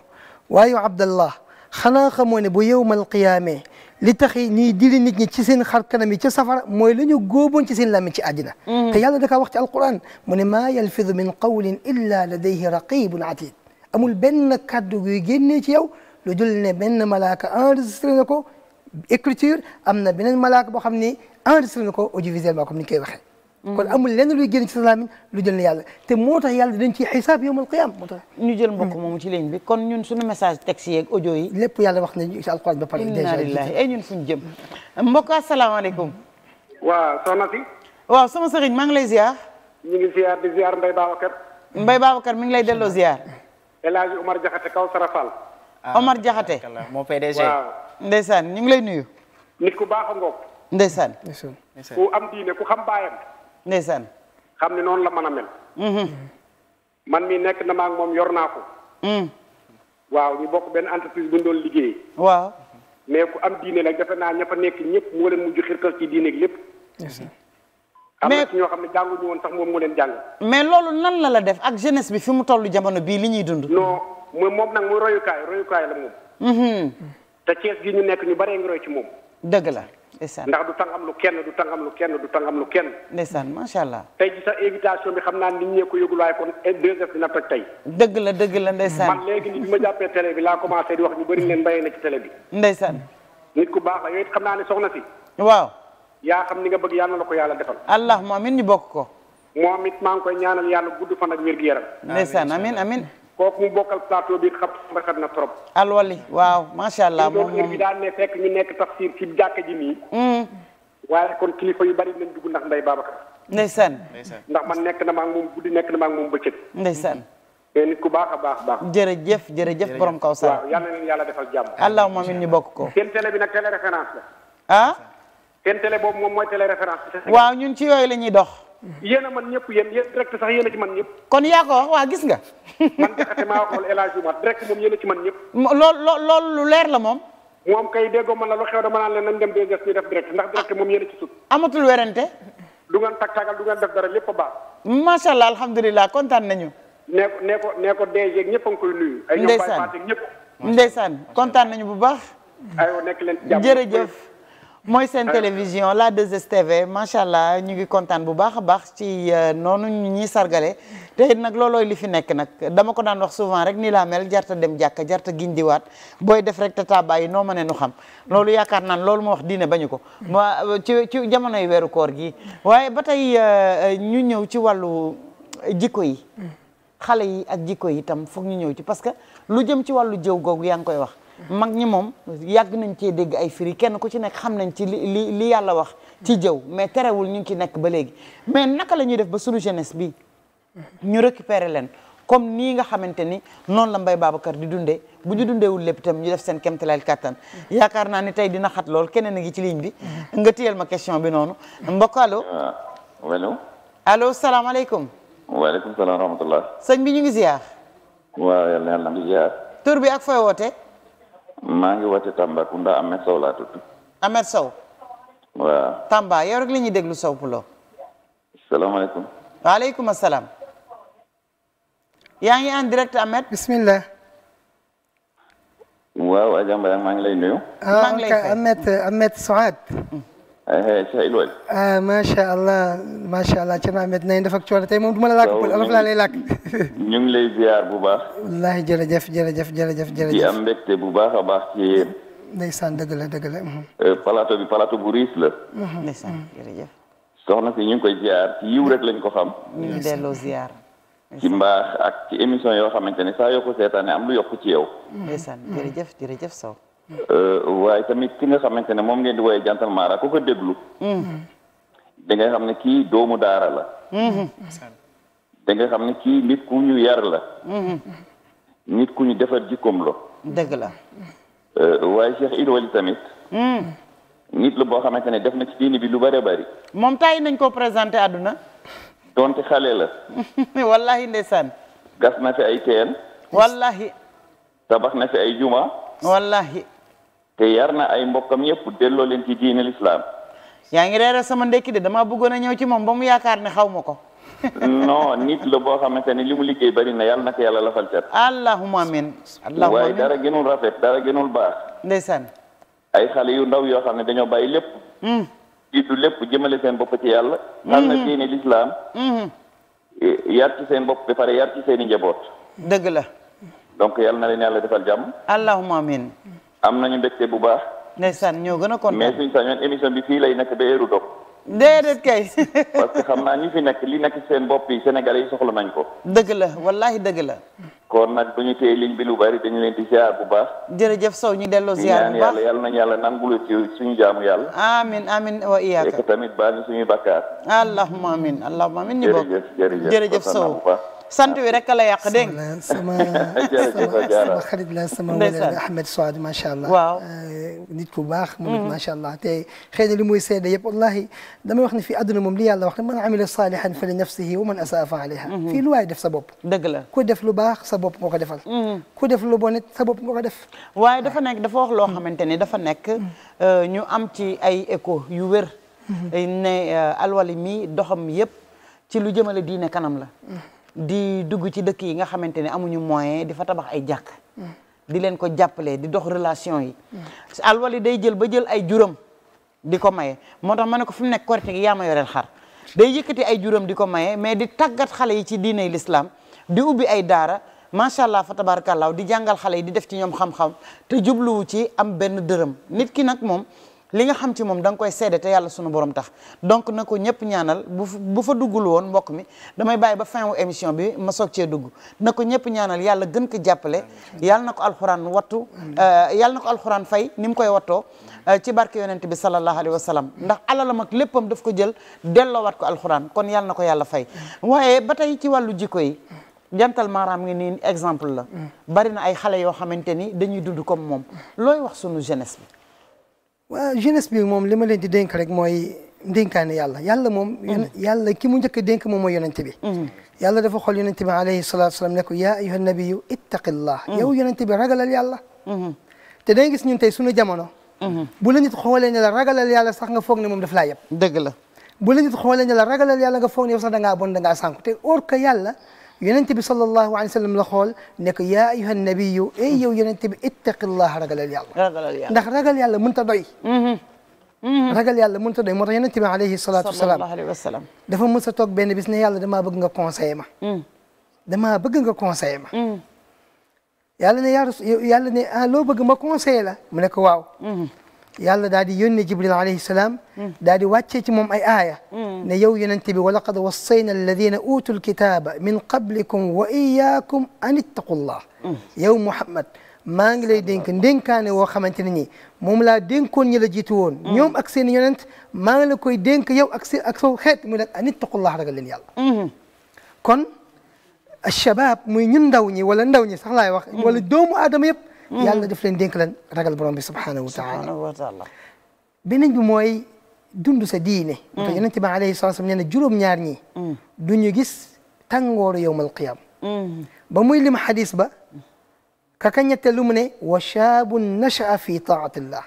waayu abdallah xanaa xamoo ne bu yowmal qiyaame li tax ñuy dili nit ñi ci seen xar kanam yi ca safara mooy la ñu góoboon ci seen làmmiñ ci àddina te yàlla da kaa wax ci alquran mu ne maa yalfidu min qawlin illa ladayhi raqibun atid amul benn kàddu guy génnee ci yow lu dul ne benn malaaka enregistré na ko écriture am na beneen malaaka boo xam ni enregistré na ko audiovisuellement ni ñu koy waxee. kon amul lenn luy génn ci sa lu jël na yàlla te moo tax yàlla dañ ciy xisaab yawmal qiyaam moo tax. ñu jël mbokk moomu ci ligne bi kon ñun suñu message texte yeeg audio yi. lépp yàlla wax nañu ci alxuraan ba pare. inna lillahi ay eh, ñun fuñu jëm. mbokk asalaamaaleykum. waaw soxna si. waaw sama sëriñ maa ngi lay ziar. ñu ngi ziar di ziar mi ngi lay delloo ziar. El Hadj Omar Diakhaté kaw Sarafal. Omar Diakhaté. moo PDG. waaw ndeysaan ñu ngi lay nuyu. ku baax a ndeysaan ku am diine ku xam baayam ndeysaan xam ne noonu la man a mel mm-hmm. man mii nekk na ma moom yor naa ko mm. waaw ñu bokk benn entreprise bu doon liggéey waaw mais ku am diine la defe naa ña fa nekk ñëpp moo leen mujj xirtal ci lépp ñoo xam ne jànguñu woon sax moom mu leen jàng mais loolu nan la la def ak jeunesse bi fi mu toll jamono bii li ñuy dund non mooy moom nag mooy royukaay royukaay la moom mm-hmm. te Cees gi ñu nekk ñu baree ngi roy ci moom dëgg la ndax du tàngam lu kenn du tàngam lu kenn du tàngam lu kenn. ndeysaan macha allah. tey ji sa invitation bi xam naa nit ñee ko yëgul waaye kon 2h dina toj tey. dëgg la dëgg la ndeysaan. man léegi nit ñi ma jàppee télé bi laa commencé di wax ñu bëri leen bàyyi na ci télé bi. ndeysaan. nit ku baax la yooyu it xam naa ne soxna si. waaw. yaa xam ni nga bëgg yàlla na la ko yàlla defal. allahumma amiin ñu bokk ko. moom it maa ngi koy ñaanal yàlla gudd fan ak wér gu yaram. ndeysaan amiin kooku mu bokkal plateau bi xam rafet na trop. alwali waaw macha allah moom moom bi daan ne fekk ñu nekk tafsir ci jàkka ji nii. Hmm. waaye kon kilifa yu bari nañ dugg ndax Ndeye Babacar. ndeysaan ndax man nekk na ma ak moom nekk na ak moom bëccëg. ndeysaan. te nit ku baax a baax baax. jërëjëf jërëjëf borom Kawsara. waaw yal na leen yàlla defal jàmm. allahumma amiin ñu bokk ko. seen télé bi nag télé référence la. ah. seen télé boobu moom mooy télé référence. waaw ñun ci yooyu la ñuy dox. yéen a man ñëpp yéen yéen direct sax yéen a ci man ñëpp. kon yaa ko wax waa gis nga. man jaxate maa waxoon El Hadj Oumar direct moom yéen a ci man ñëpp. lool lool lu leer la moom. moom kay déggoo man la lu xew dama naan a ci sut. amatul werante. du ngeen tag tagal du ngeen def dara lépp a baax. macha allah alhamdulilah kontaan nañu. nee ko nee ko ne ko DG ñëpp a ngi koy nuyu. ndeysaan ay ñoom Baye Fatick ñëpp. ndeysaan kontaan nañu bu baax. aywa nekk leen ci jàmm mooy seen euh, télévision la 2STV macha allah ñu ngi kontaan bu baax a baax ci euh, noonu ñu ñuy sargale te it nag loolooy li fi nekk nag dama ko daan wax souvent rek nii laa mel jarta dem jàkka jarta giñ diwaat booy def rek tata bàyyi noo ma ne nu xam loolu yaakaar naan loolu ma wax diine bañu ko ma euh, ci ci jamonoy weeru koor gi waaye ba tey ñu ñëw ci wàllu jikko yi mm. xale yi ak jikko yi itam foog ñu ñëw ci parce que lu jëm ci wàllu jëw googu yaa ngi koy wax mag ñi moom yàgg nañ cee dégg ay firi kenn ku ci nekk xam nañ ci li li yàlla wax ci jëw mais terewul ñu ngi ci nekk ba léegi mais naka la ñuy def ba sunu jeunesse bi ñu récupérer leen comme nii nga xamante ni noonu la Mbaye Babacar di dundee bu ñu dundeewul lépp itam ñu def seen kéemtalaay kattan yaakaar naa ni tey dina xat lool keneen ngi ci ligne bi nga téyel ma question bi noonu mbokk ah, salaamaaleykum waaleykum bi ñu ngi ziar bi ak fooy woote maa ngi wàcc Tambacounda Ahmed Sow laa tudd. Ahmed Sow. waaw. Tamba yow rek la ñuy déglu Sow Poulo. salaamaaleykum. waaleykum salaam. yaa ngi en direct Ahmed. bismillah. waaw Adja Mbaye maa ngi lay nuyu. maa ngi lay ah, fay Ahmed Ahmed Souad. Mm. Eh, Seydou ah macha allah macha allah Thierno Ahmed nañ def hmm. eh, hmm. hmm. ak coono tey moom du ma la làkk pël olof laa lay ñu ngi lay ziar bu baax. wallaahi jërëjëf jërëjëf jërëjëf jërëjëf. di am mbégte bu baax baax ci yéen. dëgg la dëgg la. palato bi palato bu riis la. ndeysaan jërëjëf. ñu ngi koy ziar ci yiw rek lañ ko xam. ñu ngi delloo ziar. ci mbaax ak ci émission yoo xamante ne saa yoo ko seetaanee am lu yokk ci yow. ndeysaan jërëjëf jërëjëf Sow. Euh, waaye tamit ki nga xamante ne moom ngeen di woowee jantal maara ku ko déglu. Mm-hmm. da nga xam ne kii doomu daara la. Mm-hmm. da nga xam ne kii nit ku ñu yar la. Mm-hmm. nit ku ñu defar jikkoom la. dëgg la. Euh, waaye Cheikh Ido Wali tamit. nit la boo xamante ne def na ci diini bi lu bari bari. moom taay nañ ko présenté àdduna. donte xale la. wallahi ndeysaan. gas na fi ay teen. wallahi tabax na fi ay juma. wallahi te yar na ay mbokkam yëpp delloo leen ci diine lislaam yaa ngi reere sama ndekki de damaa bëggoon a ñëw ci moom ba mu yaakaar ne xaw ma ko. non nit la boo xamante ne li mu liggéey bari na yàlla na ko yàlla lafal cat. allahumma amiin. allahumma amiin waaye dara gënul rafet dara gënul baax. ndeysaan. ay xale yu ndaw yoo xam ne dañoo bàyyi lépp. Mm. lépp jëmale seen bopp ci yàlla. xam mm-hmm. na diine lislaam. Mm-hmm. E, seen bopp ba pare yar ci njaboot. dëgg la. donc yàlla na leen yàlla defal jàmm. am ñu mbégte bu baax. ndeysaan ñoo gën a kontaan mais suñu sañoon émission bi fii lay nekk ba heure dog. déedéet kay. parce xam naa ñi fi nekk li nekk seen bopp yi Sénégalais yi soxla nañ ko. dëgg la wallaahi dëgg la. kon nag du ñu téye ligne bi lu bari dañu leen di ziar bu baax. jërëjëf Sow ñu delloo ziar bu baax ñaan yàlla yal nañu yàlla nangulu ci suñu jaamu yàlla. amiin amiin wa iyaaka. tamit baal ñu suñu bakkaar. allahumma amiin allahumma amiin ñu bokk jërëjëf jërëjëf sant wi rek la yàq dégg nga sama sama xarit la sama wala Ahmed Souad macha allah. waaw euh, nit ku baax. moom mm. macha allah te xëy na li muy seede yëpp wallahi damay wax ne fii àdduna moom li yàlla wax ne man amila salihan fa li nafsihi wa man asaa fa alayha. Mm-hmm. fii lu waay def sa bopp. dëgg la ku def lu baax sa bopp nga ko defal. Mm-hmm. ku def lu bon it sa bopp nga ko def. waaye dafa nekk dafa wax loo mm-hmm. xamante ni dafa nekk euh, ñu am ci ay écho yu wér. ne euh, alwali mi doxam yëpp ci lu jëmale diine kanam la. di dugg ci dëkk yi nga xamante ni amuñu moyen di fa tabax ay jàkk di leen ko jàppale di dox relation yi alwali day jël ba jël ay juróom di ko maye moo tax ma ne ko fi mu nekk korite gi yaa ma yoreel xar day yëkkati ay juróom di ko maye mais di tàggat xale yi ci diiney lislaam di ubbi ay daara macha allah fa tabarakallaahu di jàngal xale yi di def ci ñoom xam-xam te jubluwu ci am benn dërëm nit ki nag moom li nga xam ci moom da koy seede te yàlla sunu borom tax donc na ko ñëpp ñaanal bu fa duggul woon mbokk mi damay bàyyi ba fin wu émission bi ma soog cee dugg na ko ñëpp ñaanal yàlla gën ko jàppale yàlla na ko alxuraan wattu euh, yàlla na ko alxuraan fay ni mu koy wattoo euh, ci barke yonent bi sallallahu alayhi wa sallam ndax alalam ak léppam daf ko jël delloowaat ko alxuraan kon yàlla na ko yàlla fay waaye ba tey ci wàllu jikko yi jantal maaraam ngi la bari na ay xale yoo xamante ni dañuy dund comme moom looy wax sunu jeunesse bi waaw jeunesse bi moom li ma leen di dénk rek mooy dénkaane yàlla yàlla moom mm. yàlla ki mu njëkk a dénk moom mooy yonente bi mm. yàlla dafa xool yonente bi alayhi salatu wasalam ne ko yaa ayyuha nabiyu ittaqillah mm. yow yonente bi ragalal yàlla mm-hmm. te day gis ñun tey suñu jamono mm-hmm. bu la nit xoolee ne la ragalal yàlla sax nga foog ne moom daf laa yeb dëgg la bu la nit xoolee ne la ragalal yàlla nga foog ne yow sax da ngaa bon da ngaa sànku or que yàlla yonent bi sallallahu alayhi wa sallam la xool ne ko yaa ayuha nabiyu ey yow yonent bi ittaqillah ragalal yàlla ndax ragal yàlla mënta doy mm-hmm. Mm-hmm. ragal yàlla mënta doy moo tax yonent bi alayhi salaatu wasalaam dafa mës a toog benn bis ne yàlla damaa bëgg nga conseillé ma mm. damaa bëgg nga conseillé ma mm. yàlla ne yaa yàlla ne ah loo bëgg ma conseillé la mu ne ko waaw mm-hmm. yàlla daal di yónnee jibril alayhi salaam daal di wàccee ci moom ay aaya mm. ne yow yonente bi wa laqad wassayna alladina utul kitaaba min qablikum wa iyaakum an ittaqullah mm. yow muhammad maa ngi lay dénk ndénkaane woo xamante ne ni moom laa dénkoon ñi la jiitu woon mm. ñoom ak seen yonent maa ngi la koy dénk yow ak seen ak soo xeet mu leen an ittaqullah ragal leen yàlla kon alshabab muy ñun ndaw ñi wala ndaw ñi sax laay wax wala doomu aadama yëpp Mm-hmm. yàlla def leen dénk lan ragal borom bi subhaanahu wa taala beneen bi mooy dund sa diine mm. te yonente bi alayhi salaatu salaam nee na juróom mm. du ñu gis tàngooru yawmal qiyaam mm. ba muy lim xadis ba kaka ñetteelu mu ne wa shaabun nashaa fi taatillah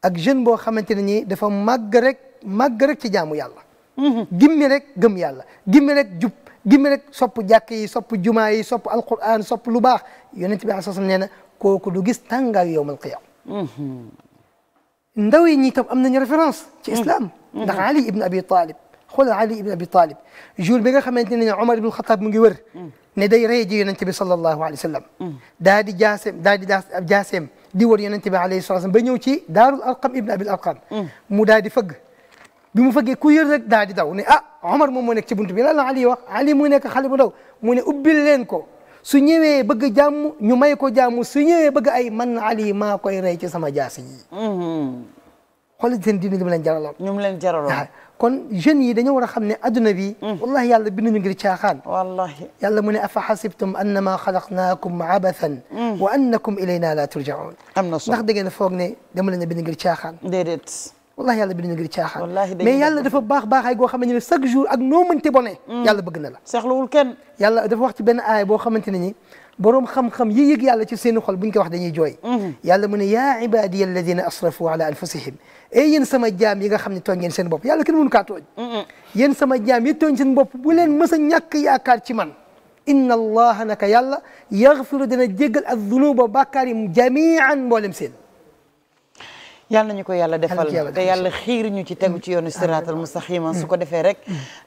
ak jeune boo xamante ne nii dafa màgg rek ci jaamu yàlla mm-hmm. gimmi rek gëm yàlla gimmi rek jub gimmi yi sopp jumaa yi sopp alquran sopp lu baax yonente bi alayhi kooku du gis tàngaay yowmal qiyaama mm-hmm. ndaw yi ñi tam am nañu référence ci mm-hmm. islam mm-hmm. ndax ali ibn abi talib xoolal ali ibn abi talib jour bi nga xamante ne omar ibn xataab mu ngi wër mm. ne day rey ji yonente bi sallallahu alayhi wa sallam mm. daa di jaaseem daa di jaaseem di wër yonente bi alayhi salatu ba ñëw ci daarul arqam ibn abil arqam mm. mu daa di fëgg mu daw ah, mu ne ubbil leen ko su ñëwee bëgg jàmm ñu may ko jàmm su ñëwee bëgg ay man ali maa koy rey ci sama jaasi yi mm-hmm. xoolal seen diine li mu leen jaraloon ñu mu leen jaraloon kon jeunes yi dañoo war a xam ne adduna bi mm. wallahi yàlla binduñu ngir caaxaan wallahi yàlla mu ne afa xasibtum annama xalaqnaakum abathan mm. wa annakum ilayna la turjaun am na solo ndax da ngeen foog ne dama leen a bind ngir caaxaan wallahi yàlla bind na ngir caaxaan. wallaahi mais baax baaxaay goo xamante ne chaque ak noo mënti bone. Mm. yàlla bëgg na la. soxlawul kenn. yàlla dafa wax ci benn aaya boo xamante xam-xam yi yëg yàlla ci seen xol buñ ko wax dañuy jooy. Mm-hmm. yàlla mu ne yaa ibaadiya alladina asrafu ala anfusihim et yéen sama jaam yi nga xam ne tooñ ngeen seen bopp yàlla sama jaam yi tooñ seen bopp bu leen mës a ñàkk yaakaar ci man. inna allaha naka yàlla yaxfiru dana jéggal ak dunuba bàkkaar yi jamian mboolem seen yàlla na ñu ko yàlla defal te yàlla xiir ñu ci tegu ci yoonu siraatal mustaxima su ko defee rek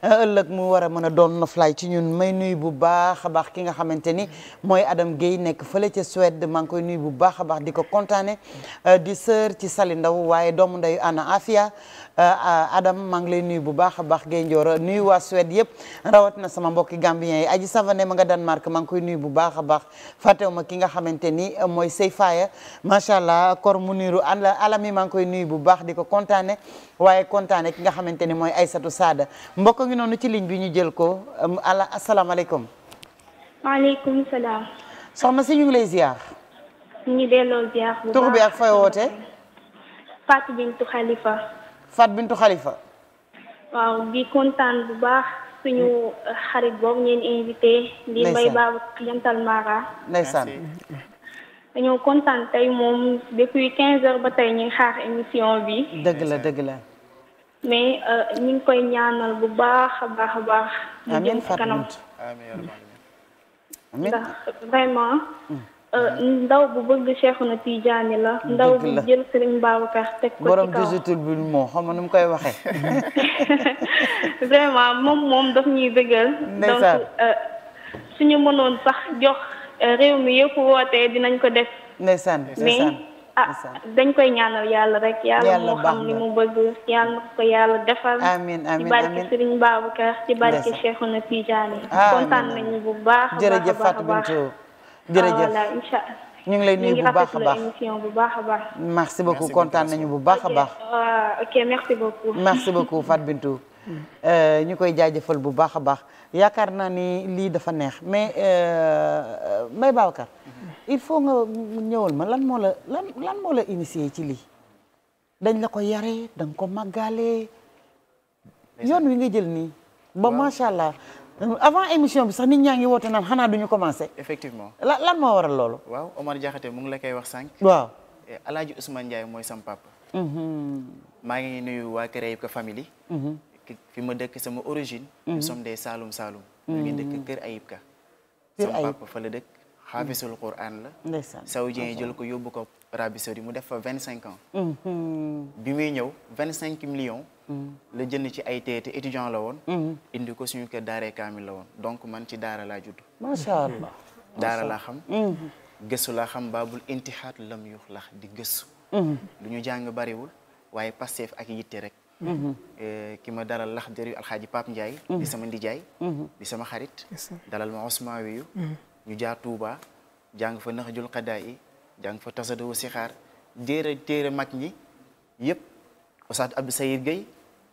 ëllëg mu war a mën a doon noflaay ci ñun may nuyu bu baax a baax ki nga xamante ni mooy Adam Guèye nekk fële ca Suède maa ngi koy nuyu bu baax a baax di ko kontaane euh, di sœur ci Sali Ndaw waaye doomu ndeyu Anna Afia Euh, euh, Adam maa ngi nuyu bu baax a baax Gaye Ndioro nuyu waa Suède yëpp rawat na sama mbokki Gambien yi Aji Savané ma nga Danemark maa ngi koy nuyu bu baax a baax fàttewuma ki nga xamante ni euh, mooy Seyfaya macha allah kor mu niiru alami maa ngi koy nuyu bu baax di ko kontaane waaye kontaane ki nga xamante ni mooy ay Aysatu Saada mbokk ngi noonu ci ligne bi ñu jël ko ala asalaamaaleykum. maaleykum salaam. soxna si ñu ngi lay ziar. ñu bi ak fooy woote. Fatou Bintou Khalifa. Fat Bintu Khalifa. waaw di kontaan bu baax suñu xarit boobu ngeen invité. di Mbaye Baba Jantal Mara. ndeysaan dañoo kontaan tey moom depuis quinze heures ba tey ñu xaar émission bi. dëgg la dëgg la. mais euh, ñu ngi koy ñaanal bu baax a baax a baax. amiin Fatou jëm ci kanam. vraiment. Mm. Euh, ndaw bu bëgg seexu na Tidiane la. ndaw bu jël Serigne Babacar teg ko ci kaw bi moom xam nga mu koy waxee. moom moom daf ñuy bëggal. donc euh, suñu mënoon sax jox euh, réew mi yëpp wootee dinañ ko def. ndeysaan ndeysaan ah dañ koy ñaanal yàlla rek. yàlla moo xam ni mu bëgg yàlla na ko yàlla defal. amiin amiin ci barke Serigne Babacar ci barke Cheikhuna Tidiane. kontaan nañu bu baax a baax a baax jërëjëf Fatou Bintou jërëjëf ah, voilà ñu ngi lay nuyu bu baax a baax émission baax a baax. merci beaucoup kontaan nañu bu baax a baax. Ah, ok merci beaucoup. merci beaucoup Fat Bintou. Euh, ñu koy jaajëfal bu baax a baax yaakaar naa ni lii dafa neex mais euh, Mbaye Babacar. Mhm. il faut nga ñëwal ma lan moo la lan lan moo la initié ci lii. dañ la ko yare da nga ko màggaale. yoon wi nga jël nii. ba macha allah avant émission bi sax nit ñaa ngi woote naan xanaa duñu commencé. effectivement la lan moo waral loolu. waaw Omar Diakhaté mu ngi la koy wax sànq. waaw eh, Alaaji Ousmane Ndiaye mooy sam papa. Mm-hmm. maa ngi nuyu waa Kër Ayib Ka famille. Mm-hmm. fi ma dëkk sama origine. Mm-hmm. nous sommes des Saloum Saloum. ñu ngi dëkk Kër Ayib Ka. Kër Ayib sama papa fa la dëkk. xaafisul Qur'an la. ndeysaan saoudien jël ko yóbbu ko Arabie Saoudite mu def fa vingt cinq ans. bi muy ñëw vingt cinq millions. la jënd ci ay téye te étudiant la woon. Mhm. indi ko suñu kër daaree kaamil la woon donc man ci daara laa judd. macha allah daara laa xam. Mhm. gëstu laa xam baabul intixaat lam yux lax di gëstu. Mhm. lu ñu jàng bariwul waaye Pastef ak yitte rek. Eh, ki ma dalal lax dëri alxaaji Pape Ndiaye. di sama ndijaay. di sama xarit. dalal ma Ousmane wiyu ñu jaar Touba jàng fa naxjul xadaa yi jàng fa tasadoo sixaar jéere téere mag ñi yëpp Oustaz Abdou Sayid Gueye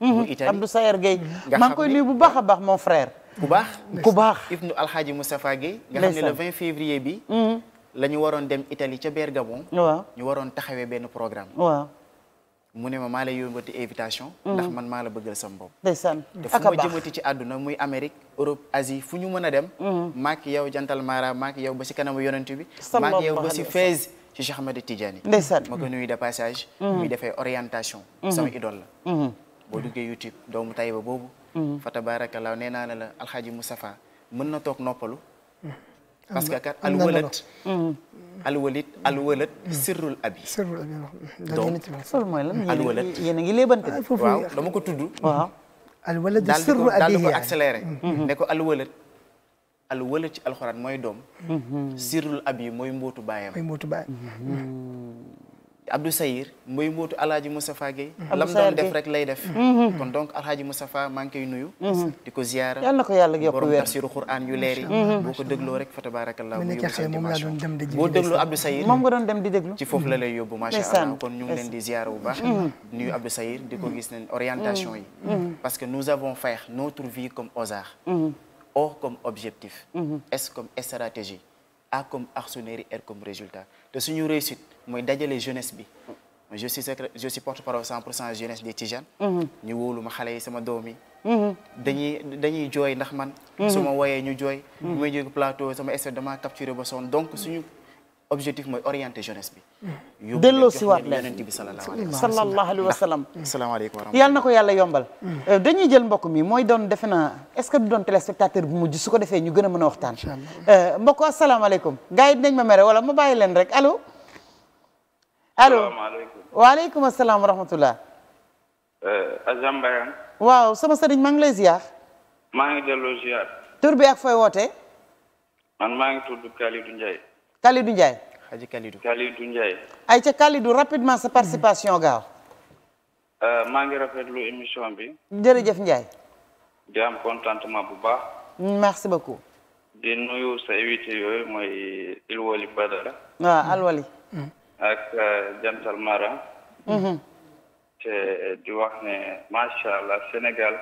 bu mhm. Italie Abdou Sayer Gueye. Mhm. maa koy nuyu bu baax a baax mon frère. ku baax ku baax. ibnu Alhaji Moustapha Gueye. nga xam ne le 20 février bi. Mhm. la ñu waroon dem Italie ca Bergamo. ñu waroon taxawee benn programme. waaw. mu ne ma maa lay yóbbati invitation. ndax man maa la bëggal sama bopp. ndeysaan te fu ma ci àdduna muy Amérique Europe Asie fu ñu mën a dem. maak yow jantal Mara maak yow ba si kanam yonent bi. maak yow ba si Fès. ci Cheikh Ahmed Tidiane. ma ko nuyu de passage. muy defee orientation. boo duggee YouTube doomu Taïba boobu. Mm-hmm. fa tabaarakallaa nee naa ne la alxaaji Moustapha mën na toog noppalu. Mm-hmm. parce que kat alwalat mm-hmm. alwalit alwalat sirrul abi sirrul abi donc loolu mooy a ngi léebante ah, waaw dama ko tudd waaw alwalat sirrul daal di ko accéléré alwalat alwalat ci alxuraan mooy doom sirrul abi mooy mbootu baayam Abdou Sayir mooy mootu alaaji Moustapha Gueye lam doon def rek lay def mm-hmm. Mm-hmm. kon donc alaaji Moustapha maa nuyu mm-hmm. di ko ziyaara yal na ko Qur'an yu leer boo ko dégloo rek fa tabarakallah boo dégloo Abdou Sayir Sayir di ko gis nañ orientation yi parce que nous avons fait notre vie comme Ozar O comme objectif S A comme actionnaire R comme résultat te suñu réussite mooy dajale jeunesse bi je suis je suis porte-parole pour cent jeunesse des Tijanes. Mhm. ñu wóolu ma xale yi sama doom yi. Mhm. dañuy dañuy jooy ndax man. Mhm. su ma wooyee ñu jooy. bu may jóg plateau sama essai dama mooy orienter jeunesse euh, mbokk mi mooy doon defe naa est-ce que téléspectateur bu mujj su ko defee ñu gën a mën a waxtaan. Euh, mbokk asalaamaaleykum. gars yi dinañ ma mere wala ma rek allo. allo salaamaaleykum waaleykum asalaam wa rahmatullah. Eh, Azam Mbayang. waaw sama sëriñ maa ngi lay ziar. maa ngi delloo ziar. tur bi ak fooy wootee. man maa ngi tudd Kalidou Ndiaye. Kalidou Ndiaye. Haji Kalidou Kalidou Ndiaye. rapidement sa participation gaaw. Eh, maa ngi rafetlu émission bi. jërëjëf Ndiaye. di am contentement bu baax. merci beaucoup. di nuyu sa invité yooyu mooy Ilwali Badara. waaw Alwali. Mm. ak euh, Jantal Mara mm-hmm. te di wax ne macha allah Sénégal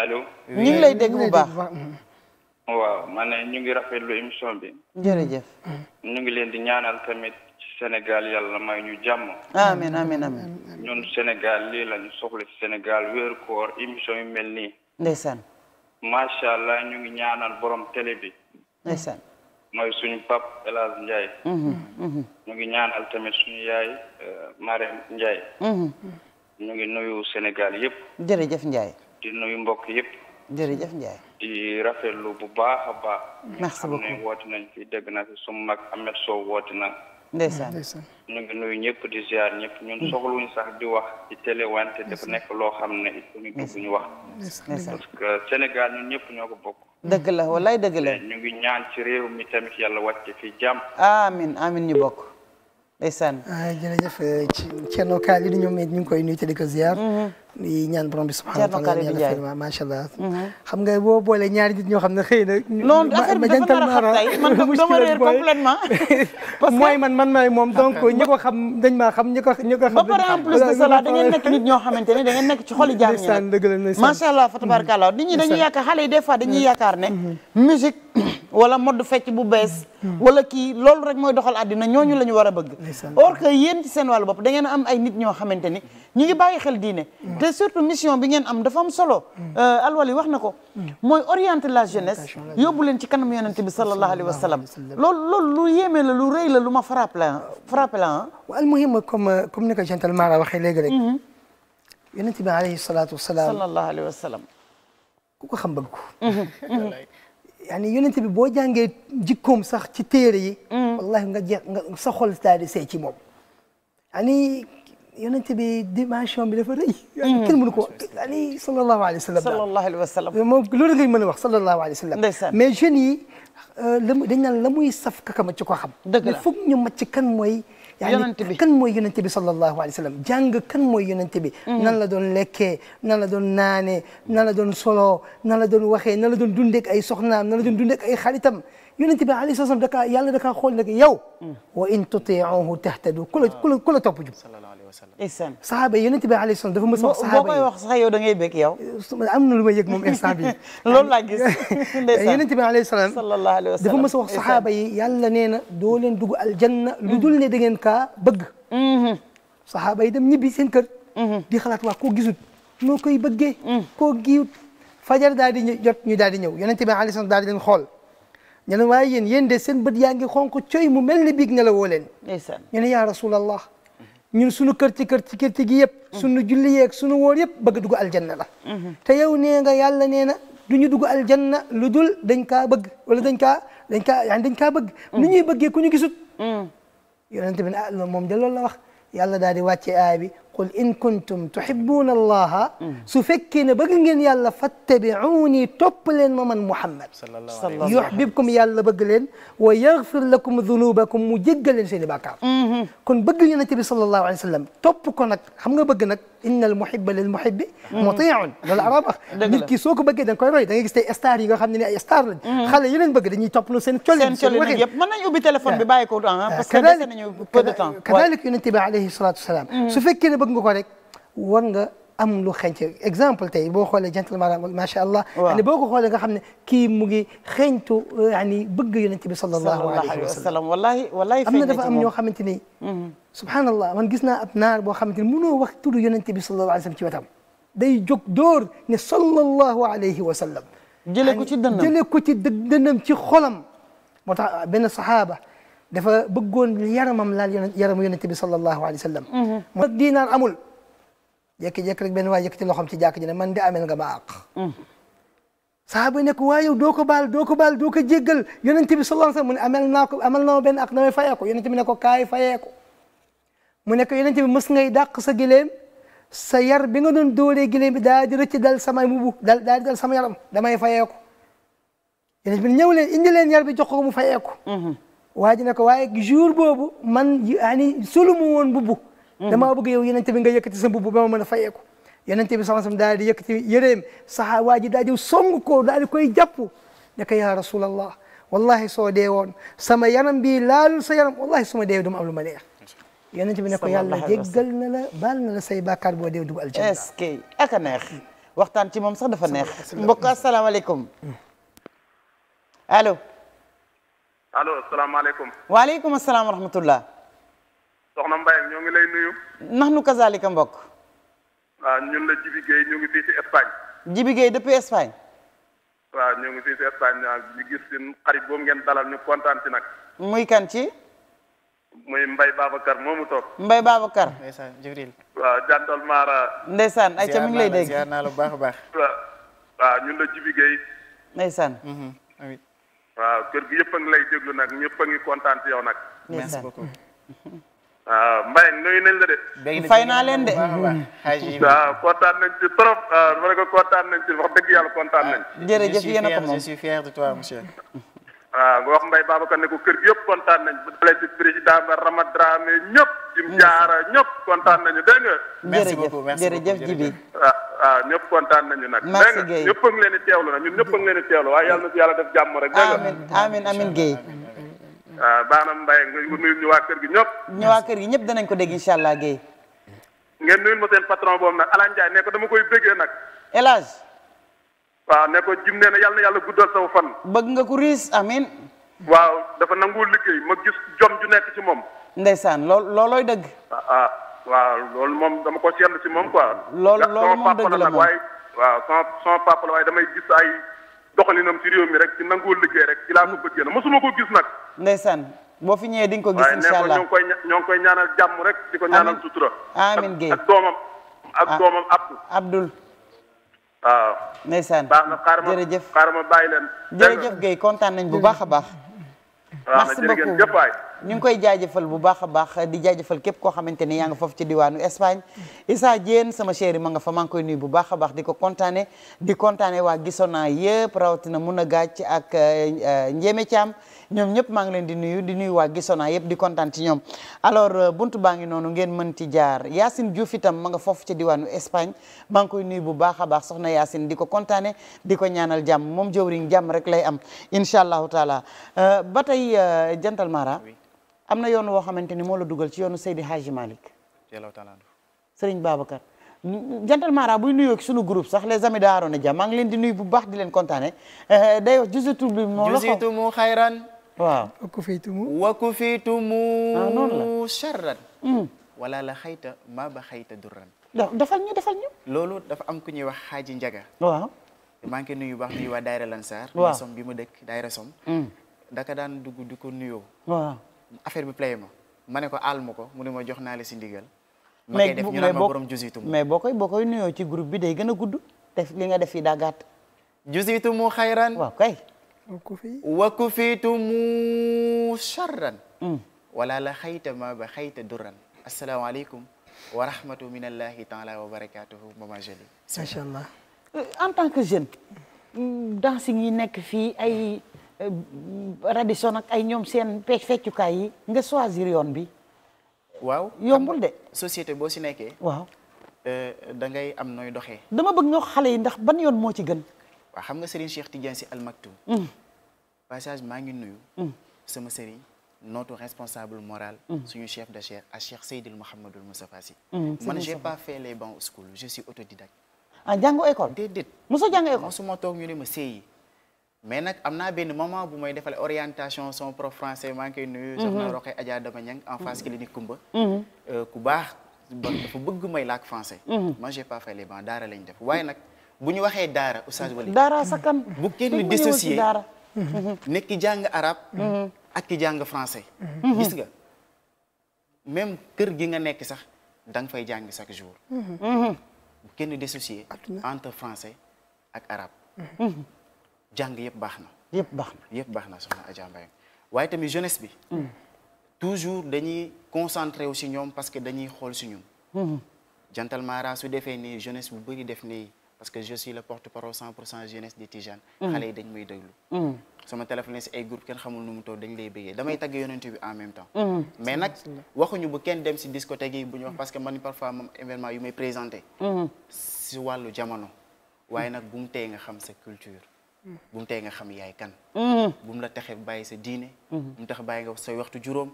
allo ñu lay dégg bu baax waaw ma ne ñu ngi rafetlu émission bi jërëjëf ñu ngi leen di ñaanal tamit Sénégal yàlla may ñu jàmm amin amin amin ñun Sénégal lii lañu soxla Sénégal wéeru koor émission yu mel nii ndeysaan macha allah ñu ngi ñaanal borom télé bi ndeysaan mooy suñu pap El Hadj Ndiaye. Mm-hmm. Mm-hmm. ñu ngi ñaanal tamit suñu yaay euh, Marème Ndiaye. Mm-hmm. ñu ngi nuyu Sénégal yëpp. jërëjëf Ndiaye. di nuyu mbokk yëpp. jëf Ndiaye. di rafetlu bu baax a merci beaucoup ñu woote nañ fi dégg naa fi suñu mag Ahmed soo woote na. ndeysaan ñu ngi nuyu ñëpp di ziar ñëpp ñun soxluñ sax di wax ci tele wante dafa nekk loo xam ne il faut ñu dugg ñu wax parce que ñun ñëpp ñoo ko bokk dëgg la wallaay dëgg la ñu ngi ñaan ci réew mi tamit yàlla wàcce fii jàmm amin amin ñu bokk ndeysaan ah, jërëjëf eh, Thierno Ka li di ñoom ñu ngi koy nuyu te di ko ziar mm-hmm. ñaan borom bi subhanahu wa taala ma macha allah mhm. xam nga boo boolee ñaari nit ñoo xam ne a xat tey man dama réer complètement parce que mooy man man maay moom donc ñi ko xam dañ maa xam ñi ko ñi ko xam ba pare da ngeen nekk nit ñoo xamante ne nekk ci xoli jaam ñi ndeysaan dëgg la macha allah fa tabarakallah nit ñi dañuy yaakaar xale yi des dañuy mm-hmm. yaakaar ne mm-hmm. musique wala mode fecc bu bees mm-hmm. wala kii loolu rek mooy doxal àddina ñooñu la war a bëgg or que yéen ci seen wàllu bopp da am ay nit ñoo xamante ñu ngi bàyyi xel diine mais surtout mission bi ngeen am dafa am solo. Euh, alwali wax na ko. mooy orienter la jeunesse. yóbbu leen ci kanam yonente bi sallallahu alayhi wa sallam. loolu loolu lu yéeme la lu rëy la lu ma frappé la frappé la ah. waaw almuhim comme comme ni ko jantal Mara waxee léegi rek. Mhm. yonente bi alayhi salaatu wa salaam. sallallahu wa sallam. ku ko xam ko. Mhm. Mhm. yaani yonente bi boo jàngee jikkoom sax ci téere yi. wallahi nga jeex sa xol see ci moom. yonent bi dimension bi dafa rëy. Hmm. kenn mënu ko wax ali sallallahu alayhi wa sallam. sallallahu alayhi wa sallam moom loolu ngay mën a wax sallallahu alayhi wa sallam. ndeysaan mais jeunes yi euh, la mu dañ naan la muy saf kaka ma ko xam. dëgg la foog ñu màcc kan mooy. yonent bi kan mooy yonent bi sallallahu alayhi wa sallam jàng kan mooy yonent bi. Hmm. nan la doon lekkee nan la doon naanee nan la doon solo nan la doon waxee nan la doon dundeek ay soxnaam nan la doon dundeek ay xaritam. yonent bi alayhi salaam dakaa yàlla dakaa xool nag yow. Hmm. wa in tutiuhu tahtadu ku la wasallam eh, saxaaba yonent bi alayhi salaam dafa mës a wax saxaaba yi boo koy wax sax yow da ngay bëgg yow am na lu may yëg moom instant bi loolu laa gis yonent bi alayhi a wax saxaaba yi yàlla nee na aljanna lu ne da ngeen kaa bëgg mm-hmm. saxaaba yi dem ñibbi seen kër mm-hmm. di xalaat waa koo gisut noo koy bëggee mm. koo giwut fajar daal di jot ñu daal di ñëw yonent bi waaye yéen de seen bët yaa ngi xonk coy mu mel ni biig ne la woo rasulallah ñun suñu kër ci kër ci kër ci gi yëpp suñu julli yeek suñu wóor yëpp bëgg dugg aljanna la mhm. te yow nee nga yàlla nee na du ñu dugg aljanna lu dul dañ kaa bëgg wala dañ kaa dañ kaa yaani dañ kaa bëgg mhm. nu ñuy bëggee ku ñu gisut mhm. yonente bi ne ah loolu moom de la wax yàlla daal di wàcce aay bi qul in kuntum tuhibbuuna allaha su fekkee ne bëgg ngeen yàlla fattabi'uuni topp leen ma man Muhammad yuhbibkum yàlla bëgg leen wa yaghfir lakum dunubakum mu jéggal leen seen i bàkkaar mm-hmm. kon bëgg yonent bi sallallahu alayhi wa sallam topp ko nag xam nga bëgg nag inna al muhibba lil muhibbi mm-hmm. muti'un loolu arab wax nit ki soo ko bëggee da nga koy roy da nga gis tey star yi nga xam ne ne ay star lañ mm-hmm. xale yi leen bëgg dañuy topp nu seen colin seen waxin yëpp mën nañ ubbi téléphone bi bàyyi ko ah, parce que dese nañu peu de temps kadalik yonent bi alayhi salatu wasalam su fekkee ne yëg nga ko rek war nga am lu xeeñtu exemple tey boo xoolee gentleman macha allah. waaw ne boo ko xoolee nga xam ne kii mu ngi xeeñtu yaani bëgg yonent bi sallallahu alayhi wa sallam wallaahi wallaahi am na dafa am ñoo xamante ni. Mm-hmm. subhanallah man gis naa ab naar boo xamante ni mënoo wax tudd yonent bi sallallahu alayhi wa sallam ci wetam. day jóg dóor ne sallallahu alayhi wa sallam. jëlee ko ci dënnam jëlee ko ci dënnam ci xolam. moo tax benn saxaaba. dafa bëggoon yaramam laal yonent yaramu yonent bi sallallahu alayhi wa sallam mu mhm. nag diinaar amul jékki-jékki rek benn waay yëkkati loxoom ci jàkk ji man de amel nga ba àq mhm. sahaaba nekk ne ko doo ko baal doo ko baal doo ko jéggal yonent bi sallallahu alayhi wa sallam mu ne amel naa ko amel na ben benn àq na may fayee ko mu ne ko yonent bi mës ngay sa sa yar bi nga doon dóoree gileem bi daa di rëcc dal samay mubu dal daa di dal sama yaram damay fayee ko yonent bi ñëw leen indi leen yar bi jox ko mu fayee mhm. waa ji ne waaye jour boobu man yaani sulu mu woon mbubu mhm. damaa bëgg yow yonente bi nga yëkkati sa mbubu ba ma mën a fayeeku yonente bi sama sam daal di yëkkati yëreem saxa waa ji daa jëw song daal di koy jàpp ne ko yaa rasulallah wallahi soo dee woon sama yaram bi laalul sa yaram wallahi suma dee du ma am lu ma leer yonente bi ne ko yàlla jéggal na la baal na la say bàkkaar boo dee dugg aljanna est-ce que waxtaan ci moom sax dafa neex mbokk asalaamaaleykum allo allo salaamaaleykum. waaleykum salaam wa rahmatullah. soxna Mbaye ñoo ngi lay nuyu. nax nu kazaalika mbokk. waaw ñun la Jibi Guèye ñu ngi fii ci Espagne. Jibi Guèye depuis Espagne. waaw ñu ngi fii ci Espagne ñu gis seen xarit boobu ngeen dalal ñu kontaan ci nag. muy kan ci. muy Mbaye Babacar moomu toog. Mbaye Babacar. ndeysaan Jibril. waaw jantal Mara. ndeysaan ay ca mi ngi lay dégg ziar baax a baax. waaw ñun la Jibi Guèye. ndeysaan. Mhm, waaw kër gi yëpp a ngi lay déglu nag ñëpp a ngi kontaan ci yow nag. merci beaucoup. waaw nañ la de. fay naa leen de. waaw kontaan nañ ci trop ah, ma ne ko kontaan nañ dëgg yàlla kontaan nañ. Ah, jërëjëf yéen a ko moom je waaw ah, nga wax Mbaye ne ko kër gi yëpp kontaan nañ bu dalee ci président ba Rama Dramé ñëpp. jim jaara ñëpp kontaan nañu dégg nga. jërëjëf jërëjëf Jibi. ah ñëpp kontaan nañu nag. merci Guèye ñëpp a ngi leen di teewlu nag ñun ñëpp a ngi leen di teewlu waaye yàlla na si yàlla def jàmm rek. dégg nga amiin amiin amiin ah, na Mbaye nga nuyu ñu waa kër gi ñëpp. ñu waa gi ñëpp danañ ko dégg incha allah Guèye. ngeen nuyul ma seen patron boobu nag Alane Ndiaye ne ko dama koy bëggee nag. El waaw nekko ko jim nee na yàlla na yàlla guddal saw fan. bëgg nga ku riis amiin. waaw dafa nanguwul liggéey ma gis jom ju nekk ci moom. ndeysaan lool loolooy dëgg. Ah, ah. waaw loolu moom dama ko seetlu si moom quoi. loolu loolu moom dëgg la moom waaye waaw sama sama papa la waaye damay gis ay doxalinam si réew mi rek ci nangoo liggéey rek ci laa ko bëggee na mosuma ko gis nag. ndeysaan boo fi ñëwee di nga ko gis. incha allah waaye nee ngi koy ñaanal jàmm rek. di ko ñaanal sutura. amiin Guèye ak doomam ak ah. doomam Abdou. Abdoul. waaw. ndeysaan jërëjëf baax na xaaral ma bàyyi leen. jërëjëf Guèye kontaan nañ bu baax a baax. merci beaucoup waaw ñu ngi koy jaajëfal bu baax a baax di jaajëfal képp koo xamante ni yaa nga foofu ci diwaanu Espagne Issa Diène sama chéri ma nga fa maa ngi koy nuyu bu baax a baax di ko kontaane di kontaane waa Gisona yëpp rawatina mun a gàcc ak euh, Njéeme Thiam ñoom ñëpp maa ngi leen di nuyu di nuyu waa Gisona yëpp di kontaan ci ñoom alors euh, buntu baa ngi noonu ngeen mën ci jaar Yacine Diouf itam ma nga foofu ci diwaanu Espagne maa koy nuyu bu baax a baax soxna Yacine di ko kontaane di ko ñaanal jàmm moom jëwriñ jàmm rek lay am incha allahu taala euh, ba tey jantal ah? Mara am na yoon woo xamante ni moo la dugal ci yoonu Seydi Hadji Malick Serigne Babacar jantal Mara buy nuyoo sunu groupe sax les amis de Arona Dia ngi leen di nuyu bu baax di leen kontaane eh, day wax jusitu bi moo la jusitum xayran waaw wa kufitumu wa kufitumu charran wala la xayta maa ba xayta durran defal ñu defal ñu loolu dafa am ku ñuy wax xaaji njaga waaw maa ngi nuyu baax nuyu waa daayira Lansar. bi mu dëkk daayira som hmm. daka daan dugg di ko nuyoo affaire bi play ma ma ne ko àll ma ko mu ne ma jox naa la si ndigal. ma koy def ñu naan ma borom jusitu mais boo koy boo koy nuyoo ci groupe bi day gën a gudd te li nga def fii daa gàtt. jusitu mu xayran. waaw kay. wa kufitu mu charran. Mm. wala la xayta ma ba xayta duran. asalaamaaleykum wa rahmatu minallahi taala wa barakaatuhu mama Joli. macha allah euh, en tant que jeune. Mm, danse yi nekk fii ay. Radisson ak ay ñoom seen feccukaay yi nga choisir yoon bi. waaw yombul de. société boo si nekkee. waaw. Euh, da ngay am nooy doxee. dama bëgg nga xale yi ndax ban yoon moo ci gën. waaw xam nga Serigne Cheikh Tidiane Sy Al mm. passage maa ngi nuyu. Mm. sama Serigne notre responsable moral. Mm. suñu chef de chaire a Cheikh Seydil Mouhamadoul Moustapha Sy. man j'ai pas fait les school je suis autodidacte. Ah, jàngu école déedéet. mosoo jàngu école mosuma toog ñu ne ma séyi. mais nag am naa benn moment bu may defalee orientation son prof français maa ngi koy nuyu. Mhm. soxna Roque Adja Dama Niang en face mhm. clinique Kumba. Mhm. Euh, ku baax ba dafa bëgg may làkk français. moi j'ai pas fait les daara lañ def waaye nag bu ñu waxee daara oustaz Wali. daara sakkan bu kenn dissocié daara. nekk ki jàng arabe. ak ki jàng français. kër gi nga nekk sax da nga jàng chaque bu kenn dissocié entre français ak arabe. jàng yëpp baax na. yëpp baax na yëpp baax na soxna Adja Mbaye waaye tamit jeunesse bi. Mm. toujours dañuy concentré wu si ñoom parce que dañuy xool si ñun. Mm-hmm. Jantal Mara su defee nii jeunesse bu bëri def nii parce que je suis le porte-parole 100 pour cent jeunesse des Tijanes. Mm. xale yi dañ muy déglu. Mm. sama téléphone si ay groupe kenn xamul nu mu dañ lay bëggee damay tagg yonent bi en même temps. Mm-hmm. mais nag waxuñu bu kenn dem si discothèque yi bu wax parce que man parfois Mm-hmm. bu mu tey nga xam yaay kan mm-hmm. bu mu la taxe bàyyi sa diine mm-hmm. bu mu tax bàyyi nga say waxtu juróom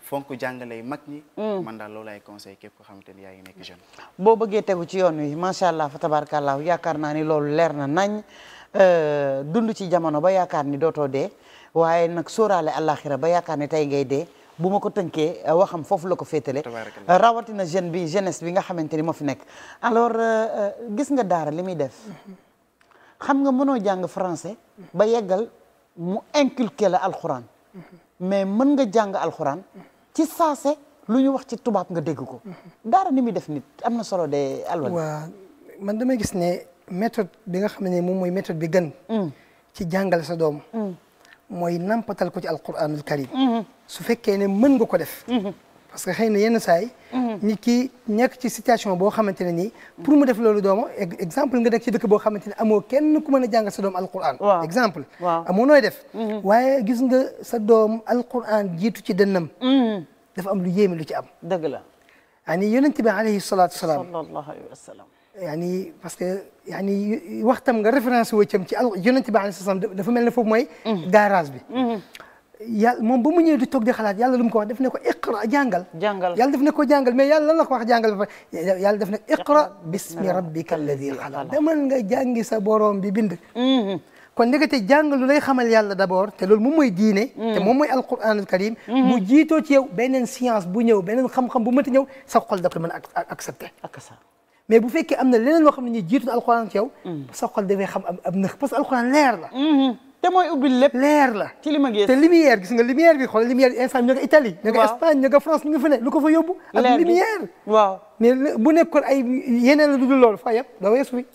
fonk jàngalay mag ñi man daal loolu ay conseil képp ko xamante ni yaa ngi nekk jeune boo bëggee tegu ci yoon wi macha allah fa tabarkallah yaakaar naa loolu leer na nañ euh, dund ci jamono ba yaakaar ni dootoo dee waaye nag sóoraale àllaaxira ba yaakaar ni tey ngay dee bu ma ko tënkee euh, waxam foofu la ko féetale rawatina jeune bi jeunesse bi nga xamante ni moo fi nekk alors euh, gis nga daara li muy def xam nga mënoo jàng français ba yeggal mu inculquer la alxuraan mais mën nga jàng alxuraan ci saase lu ñu wax ci tubaab nga dégg ko daara ni muy def nit am na solo de alwal waaw man damay gis ne méthode bi nga xam ne moom mooy méthode bi gën mm. ci jàngale sa doom mm. mooy nampatal ko ci alquranul karim mm-hmm. su fekkee ne mën nga ko def mm-hmm. parce que xëy na yenn saa yi mhm. nit ki ci situation boo xamante ne nii pour mu def loolu dooma exemple nga nekk ci dëkk boo xamante ne amoo kenn ku mën a jàngal sa doom alquran exemple amoo nooy def mhm. waaye gis nga sa doom alquran jiitu ci dënnam mhm. dafa am lu yéeme lu ci am dëgg la yaani yonent bi alayhi salaatu salaam sallallahu alayhi wa sallam yaani parce que yaani waxtam nga référence wëccam ci al yonent bi alayhi salaam dafa mel ne foofu mooy garage bi yàlla moom ba mu ñëwee di ko wax def ne ko iqra jàngal jàngal def ne ko jàngal mais yàlla lan la ko wax jàngal ba yàlla def ne iqra bismi rabbika alladi xalaq demal nga jàngi sa boroom bi bind mm-hmm. kon ndekete jàng lu lay xamal yàlla d'abord te loolu moom mooy diine te mm-hmm. moom mooy alquran al mm-hmm. mu jiitoo ci yow science bu ñëw beneen xam-xam bu mënti ñëw sa xol dafa mën a accepté mais bu fekkee am na leneen loo xam ne ñu jiitu alquran ci yow mm. sa xol dafay xam ab nëx parce que alquran leer la te mooy ubbi leer la ci li ma gis te lumière gis nga lumière bi xool lumière instant bi ña nga Italie nga Espagne nga France nga fi ne lu ko fa yóbbu ak lumière waaw mais bu nekkoon ay yeneen la dudul loolu fa yëpp da weesu wi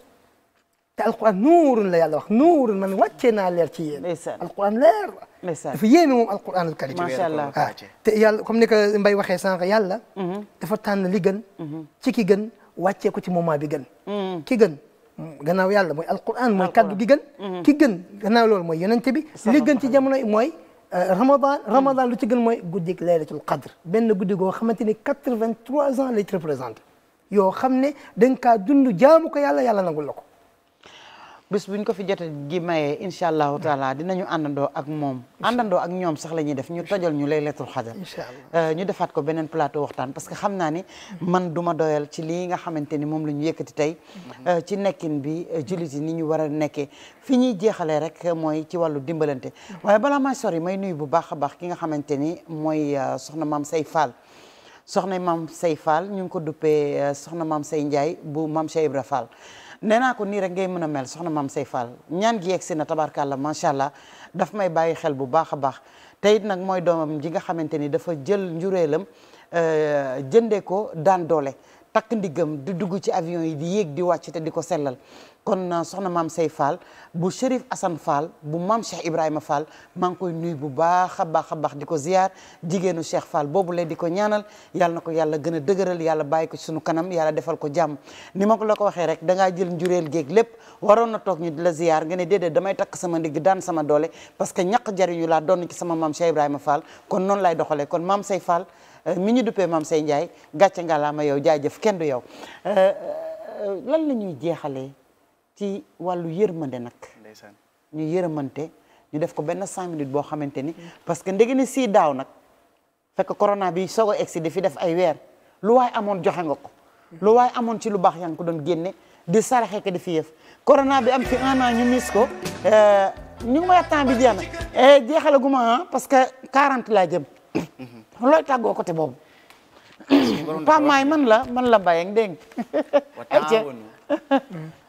la yàlla wax nuurun man wàccee naa leer ci yéen alquran leer la dafa yéene moom alquran al karim macha allah ah. yàlla comme ni ko Mbaye waxee sànq yàlla mhm. dafa tànn li gën mhm. ci ki gën wàccee ko ci moment bi gën mhm. ki gën gannaaw yàlla mooy alquran mooy kaddu gi gën mm-hmm. ki gën gannaaw loolu mooy yonente bi li gën ci jamono mooy euh, ramadan ramadan lu ci gën mooy guddik laylatul qadr benn guddi goo xamante ni quatre vingt trois ans lay représenté yoo xam ne da nga kaa dund jaamu ko yàlla yàlla nangul la ko bis buñ ko fi jotee gi mayee incha allahu mm. taala dinañu àndandoo ak moom àndandoo ak ñoom sax la ñuy def ñu tojal ñu lay laylatul xadar euh, ñu defaat ko beneen plateau waxtaan parce que xam naa ni mm. man duma doyal ci lii nga xamante ni moom lañu ñu yëkkati tey mm-hmm. euh, ci nekkin bi euh, jullit yi ni ñu war a nekkee fi ñuy jeexalee rek mooy ci wàllu dimbalante mm-hmm. waaye balaa maa sori may nuyu bu baax a baax ki nga xamante ni mooy soxna maam say Fall soxna maam say Fall ñu ngi ko duppee soxna maam say Ndiaye bu maam Cheikh Ibra nee naa ko nii rek ngay mën a mel soxna maam say fall ñaan gi yegsi na tabarkàlla macha allah dafa may bàyyi xel bu baax a baax te it nag mooy doom ji nga xamante ni dafa jël njureelam euh, jëndee ko daan doole takk ndiggam di dugg ci avion yi di yéeg di wàcc te di ko sellal kon euh, soxna maam Sey faal bu Chérif Assane Fall bu maam Cheikh Ibrahima Fall maa ngi koy nuyu bu baax a baax a baax di ko ziyaar jigéenu Cheikh Fall boobu lay di ko ñaanal yàlla na ko yàlla gën a dëgëral yàlla bàyyi ko ci sunu kanam yàlla defal ko jàmm ni ma ko la ko waxee rek dangaa jël njureel géeg lépp waroon na toog ñu di la ziyaar nga ne déedéet damay takk sama ndigg daan sama doole parce que ñaq jariñu laa doon ci sama maam Cheikh Ibrahima Fall kon noon lay doxalee kon maam Sey Fall euh, mi ñu duppee maam Sey Ndiaye gàcce nga ma yow jaajëf kenn du yow euh, lan la ci wàllu yërmande nag. ndeysaan ñu yërmante ñu def ko benn cinq minutes boo xamante ni. parce que ndege ni sii daaw nag fekk corona bi soog a egsi fi def ay weer lu waay amoon joxe nga ko. lu waay amoon ci lu baax yaa ngi ko doon génne di saraxe ko di fi yëf corona bi am fi un ñu mis ko euh, ñu ngi may temps bi jeex na eh, jeexalaguma ah, parce que 40 laa jëm. looy tàggoo côté boobu. pamaay man la man la Mbaye ak dégg nga.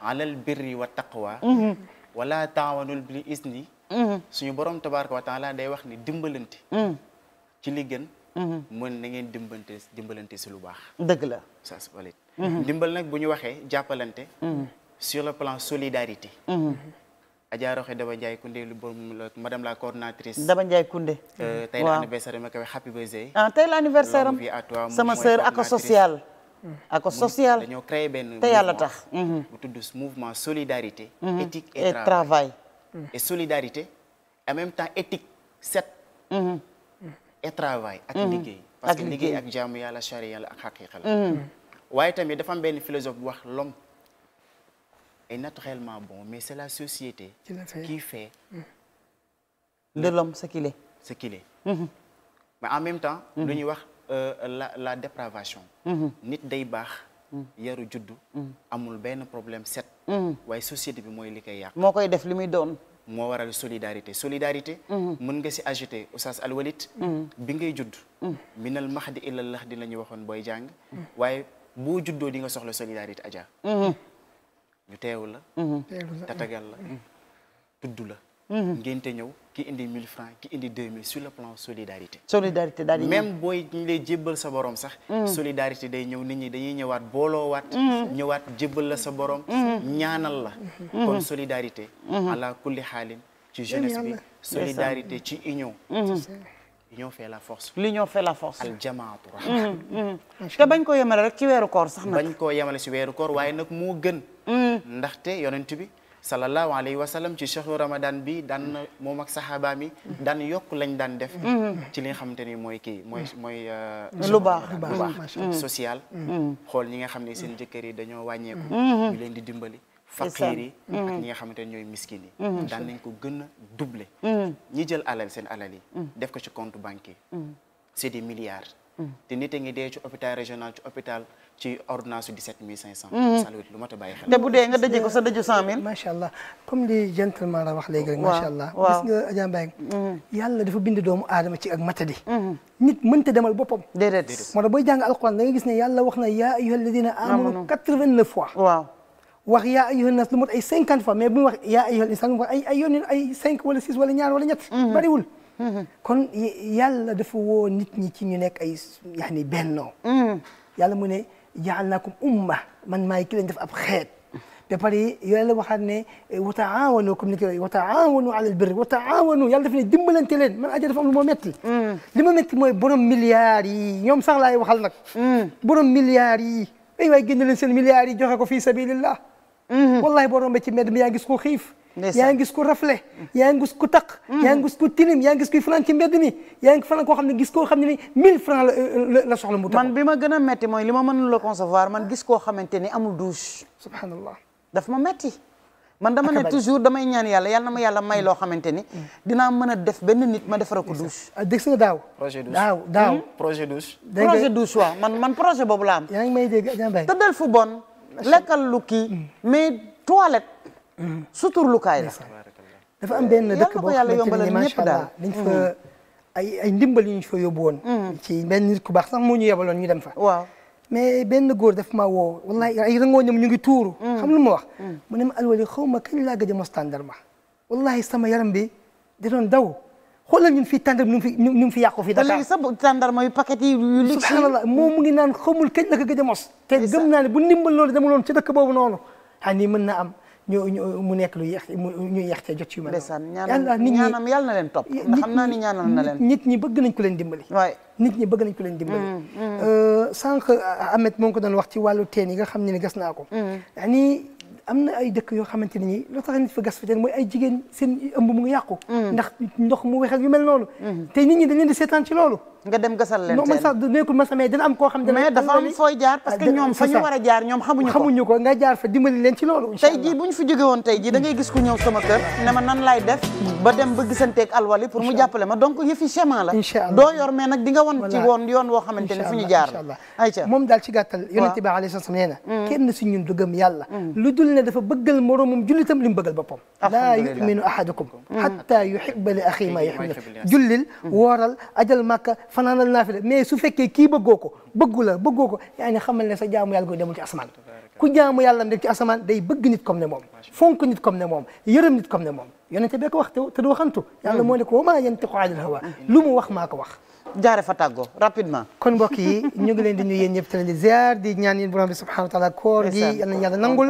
alal birri wa taqwa mhm. wala taawanul bil isni mhm. suñu borom tabaraka wa la day wax ni dimbalante mhm. ci li gën mën na ngeen dimbalante dimbalante si lu baax dëgg la sa walit dimbal nag bu ñu waxee jàppalante sur le plan solidarité Adja Roxe Daba Ndiaye Koundé lu borom madame la coordonnatrice. Daba Ndiaye Koundé. Euh, tey anniversaire ma koy happy birthday. ah anniversaire sama sœur ak Mm-hmm. ak social dañoo créé benn. te yàlla tax mm-hmm. bu tudd mouvement solidarité. Mm-hmm. éthique et travail et solidarité en même temps éthique set. et travail ak liggéey. parce que liggéey ak jaamu yàlla charia la ak xaqiqa la. waaye tamit dafa am benn philosophe bu wax l'homme est naturellement bon mais c'est la société. qui fait de l'homme ce qu'il est. ce mais en même temps. lu ñuy wax. Euh, la la dépravation mhm. nit day baax mhm. yaru juddu mhm. amul benn problème set waaye société bi mooy li koy yàq moo koy def li muy doon moo waral solidarité solidarité mën nga si ajouter oustaz alwalit bi ngay juddu minal mahdi ilal lahdi la ñuy waxoon booy jàng waaye boo juddoo di nga soxla solidarité aja ñu teewu la tatagal la tudd la Mhm. ngénte ñëw ki indi 1000 francs ki indi 2000 sur le plan solidarité. solidarité daal di même booy ñu lay jébbal sa borom sax. Mhm. solidarité day ñëw nit ñi dañuy ñëwaat booloowaat. Mhm. ñëwaat jébbal la sa borom. ñaanal la. kon solidarité. ala kulli xaalin ci jeunesse bi solidarité ci union. l'union fait la force. l'union fait la force. al jamaatu rahma. te bañ koo yemale rek ci weeru koor sax nag. bañ koo yemale ci weeru koor waaye nag moo gën. ndaxte yonent bi. sallallahu alayhi wa sallam ci chahru ramadan bi daan na moom ak saxaaba mi daan yokk lañ daan def mm-hmm. ci li nga xamante ni mooy kii mooy mooy euh, lu baax lu baax mm-hmm. social mm-hmm. xool ñi nga xam ne seen jëkkër yi dañoo wàññeeku ñu leen di dimbali faqiir yi ak ñi nga xamante ne ñooy miskin yi daan nañ ko gën a doubler ñi jël alal seen alal yi def ko ci compte banque yi c'est des milliards te nit a ngi dee ci hôpital régional ci hôpital ci ordonnance yu 17500. Mm-hmm. lu mat a bàyyi xel. te bu dee nga dëjee ko sa dëju 100000. macha allah comme li gentleman la wax léegi allah gis nga mm-hmm. doomu aadama ci ak matadi. Mm-hmm. nit mënta demal boppam. déedéet déedéet moo tax booy jàng alquran da nga gis ne yàlla wax na yaa ayyuha alladina amanu 89 fois. waaw. wax yaa ayyuhan nas lu mot ay cinquante fois mais bu ñu wax yaa wala six wala ñaar wala ñett. bariwul. kon yàlla dafa woo nit ñi ci ñu nekk ay yaani bennoo mm-hmm. yàlla mu ne jaalnaakum umma man maay ki leen def ab xeet te pare yàlla waxaat ne wa taawanu comme ni ko wa taawanu ala albirri wa taawanu yàlla daf ne dimbalante leen man aja dafa am lu moo metti mm-hmm. li ma metti mooy borom milliards yi ñoom sax laay waxal nag mm-hmm. borom milliards yi ay waay génn seen milliards yi joxe ko fii sabilillah wallahi boo rombee ci mbedd mi yaa gis ko xiif yaa ngi gis ku rafle yaa ngi gis ku taq mm-hmm. yaa ngi ku tilim yaa gis kuy mi yaa ngi fanaan koo xam ne gis koo xam ne ni mille francs la la soxla mu man bi ma gën a metti mooy li ma mën la concevoir man gis koo xamante ni amul douche subhanallah daf ma metti man dama ne toujours damay ñaan yàlla yàlla na ma yàlla may loo xamante ni mm-hmm. dinaa mën a def benn nit ma defara ko douche ah, dégg nga daaw projet douche daaw daaw hmm? projet douche projet douche waaw man man projet boobu la am yaa ngi may dégg tëddal fu bon lekkal lu kii mm. mais toilette suturlukaay la. dafa am benn dëkk boo xamante ne macha allah dañ fa mm-hmm. ay ay ndimbal yu ñu fa yóbbu woon. Mm-hmm. ci benn nit ku baax sax moo ñu yebaloon ñu dem fa. waaw mais benn góor daf maa woo wallahi ay rangooñam ñu ngi tuuru. Mm-hmm. xam lu ma wax. mu ne ma alwali xaw ma kañ laa gëj a mos tàndarma. sama yaram bi da doon daw. xoolal ñun fii tàndar ñu fi ñu fi yàqu fi Dakar léegi sax tàndarma yu paquet yi mu ngi naan xamul kañ la ko gëj mos. te gëm naa bu ndimbal loolu dama loon ci dëkk boobu noonu. ah nii mën na am ñu mu nekk lu yéex ñu yéex cee jot ci yu mel noonu ñaanam yàlla na leen topp ndax xam naa ni ñaanal na leen nit ñi bëgg nañ ku leen dimbali waay nit ñi bëgg nañ ku leen dimbali mm, mm. Euh, sànq Ahmed moo ngi ko doon wax ci wàllu teen yi nga xam ne ni gas naa ko mm. ni am na ay dëkk yoo xamante ni ñi loo tax nit fa gas fa teen mooy ay jigéen seen ëmb mu ngi yàqu ndax ndox mu wex ak yu mel noonu te nit ñi dañ leen di seetaan ci loolu nga dem gasal leen non man am koo xam ne dafa am fooy jaar parce ah, que ñoom fa ñu war a jaar ñoom xamuñu ko xamuñu ko nga jaar fa dimbali leen ci loolu tey jii bu ñu fi jóge woon tey jii da ngay gis ku ñëw sama kër ne ma nan laay def ba dem ba gisanteeg alwali pour mu jàppale ma donc yëfi chemin la doo yor mais nag di nga ci woon yoon woo xamante fu ñu jaar ayca moom daal ci gàttal yonente bi alayhi salaam nee na mm. kenn si ñun du gëm yàlla mm. lu dul ne dafa bëggal moroomam jullitam li mu mm. li axihi ma yuhibbu jullil fanaanal naafila mais su fekkee kii bëggoo ko bëggu la bëggoo ko yaa ni ne sa jaamu yàlla go demul ci asamaan ku jaamu yàlla dem ci asamaan day bëgg nit comme ne moom fonk nit comme ne moom yërëm nit comme ne moom yonente bee ko wax te doo xantu yàlla hmm. moo ne ko wa maa yantiqu anil hawa wax maa ko wax jaare fa kon mbokk yi ñu ngi leen di nuyu yéen ñëpp te leen di ziar di ñaan yéen borom bi subhanahu wa taala koor gi yal nangul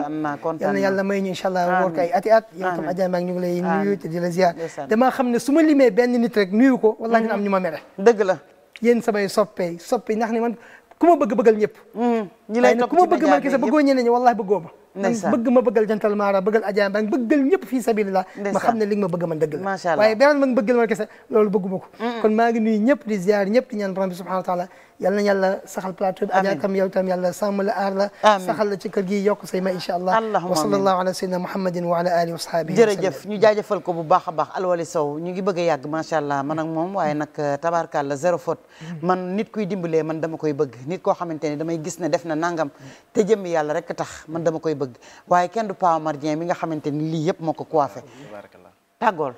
yal na yàlla may ñu incha allah woor ko ati at yow tam Adja maa ngi ñu ngi lay nuyu xam ne su ma limee benn nit rek nuyu ko wallaahi dina am ñu ma mere hmm. dëgg yéen samay soppe soppe ndax ne man ku ma bëgg bëggal ñëpp hmm. ñi lay topp ku ma bëgg man kese bëggoo ñeneen ñi wallaahi bëggoo bëgg ma bëggal jantal maara bëggal ajaa mbang bëggal ñëpp fii sabilillah ma xam ne li nga ma bëgg man dëgg la waaye beneen ma nga bëggal man kese loolu bëgguma ko kon maa ngi nuyu ñëpp di ziar ñëpp di ñaan borom bi subhanahu wa taala yal na yàlla saxal plateau bi ajaa tam yow tam yàlla sàmm la aar la saxal la ci kër gi yokk say ma insha allah wa sallallahu ala sayyidina muhammadin wa ala alihi wa sahbihi jërëjëf ñu jaajëfal ko bu baax a baax alwali sow ñu ngi bëgg a yàgg macha allah man ak moom waaye nag euh, tabarkàlla zéro faute mm-hmm. man nit kuy dimbalee man dama koy bëgg nit koo xamante ne damay gis ne def na nangam te jëmm yàlla rek tax man dama koy bëgg waaye kenn du Pa Omar Dieng mi nga xamante ni lii yëpp moo ko coiffé tàggool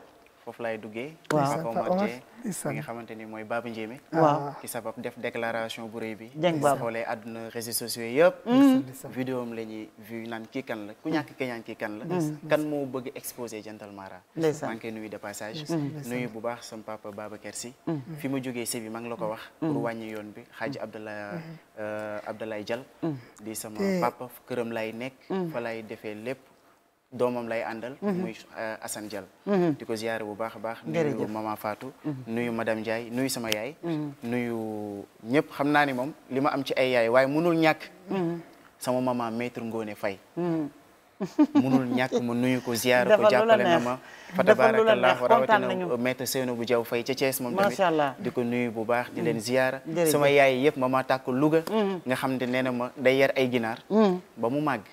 foofu laay duggee. waaw Papa Omar Dieng nga xamante ni mooy Baba Ndiémé. waaw ci sabab def déclaration bu rëy bi. jàng Baba xoolee àdduna réseaux sociaux yëpp. Mm. vidéo am la ñuy vu naan kii kan la ku ñàkk keñaan kii kan la. Mm. kan moo bëgg exposé Jantal Mara. ndeysaan maa ngi koy nuyu de passage. nuyu bu baax sam papa Babacar Sy. Mm. fi ma jógee Sébi maa ngi la ko wax. pour wàññi yoon bi xaaji Abdoulaye euh, Abdoulaye Dial. di sama papa këram laay nekk. fa laay defee lépp. doomam lay àndal. Mhm. muy euh, Assane Diall. Mhm. di ko ziyaare bu baax a baax. nuyu maman Fatou. Mhm. nuyu madame Ndiaye nuyu sama yaay. nuyu ñëpp xam naa ni moom li ma am ci ay yaay waaye mënul ñàkk. sama maman maître Ngone Faye. munul ñàkk ma nuyu ko ziar ko jàppale na ma a fa tabarakallahu rawatina maître Seynabou Diaw Faye ca Thiès moom tamit di ko nuyu bu baax di leen mm. ziar sama yaay yëpp ma maa tàkk Louga mm. nga xam ne nee na ma day yar ay ginaar mm. ba mu màgg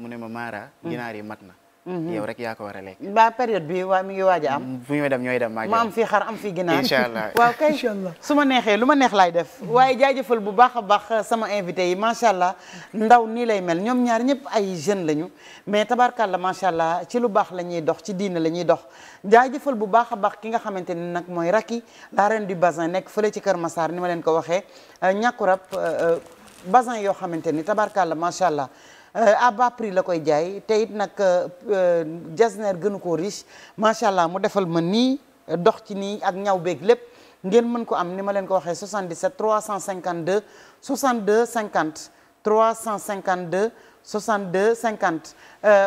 mu ne ma maara ginaar yi mat na Mm-hmm. yow rek yaa ko war a lekk. ba période bi waa mi ngi waaj a am. Mm, fu ñooy dem maa ma am fii xar am fii ginaar allah waaw kay su ma neexee lu ma neex laay def. Mm-hmm. waaye jaajëfal bu baax a baax sama invité yi macha allah ndaw nii lay mel ñoom ñaar ñëpp ay jeunes lañu mais la macha allah ci lu baax la ñuy dox ci diina la ñuy dox. jaajëfal bu baax a baax ki nga xamante ni nag mooy Racky la reine di Bazin nekk fële ci Kër Massar ni ma leen ko waxee euh, ñàkku rab euh, euh, Bazin yoo xamante ni tabarkàlla macha allah. Euh, à bas la koy jaay te it nag euh, euh, jasner gënu koo riche macha allah mu defal ma nii dox ci nii ak ñaw beek lépp ngeen mën ko am ni ma leen ko waxee 77 352 62 50 352 62 50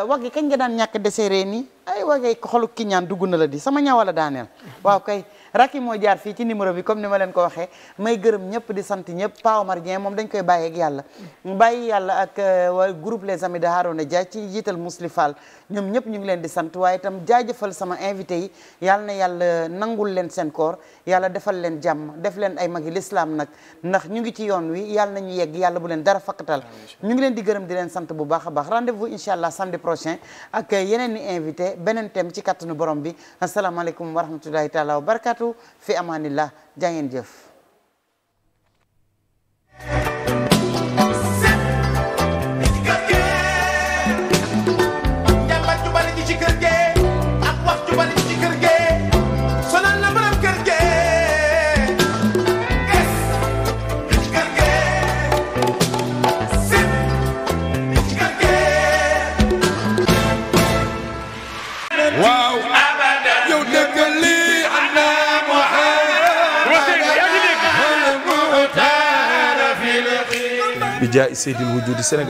waggi kañ nga daan ñàkk deseeree nii ay waggi xolu ki ñaan dugg na la di sama ñaw la daaneel waaw kay. Racky moo jaar fii ci numéro bi comme ni ma leen ko waxee may gërëm ñëpp di sant ñëpp Pa Omar Dieng moom dañ koy bàyyi ak mu bàyyi yàlla ak euh, waa groupe les amis de Harouna ci jiital Mousli Fall ñoom ñëpp ñu ngi leen di sant waaye itam jaajëfal sama invité yi yàlla na yàlla nangul leen seen koor yàlla defal leen jàmm def leen ay magi lislaam nag ndax ñu ngi ci yoon wi yàlla na ñu yegg yàlla bu leen dara fakkatal ñu ngi leen di gërëm di leen sant bu baax baax rendez-vous incha allah samedi prochain euh, yeneen ni invité beneen thème ci kattanu borom bi asalaamaaleykum wa rahmatullahi fi amaanillah jaa ngeen jëf jaay Seydil Wujudi Sénégal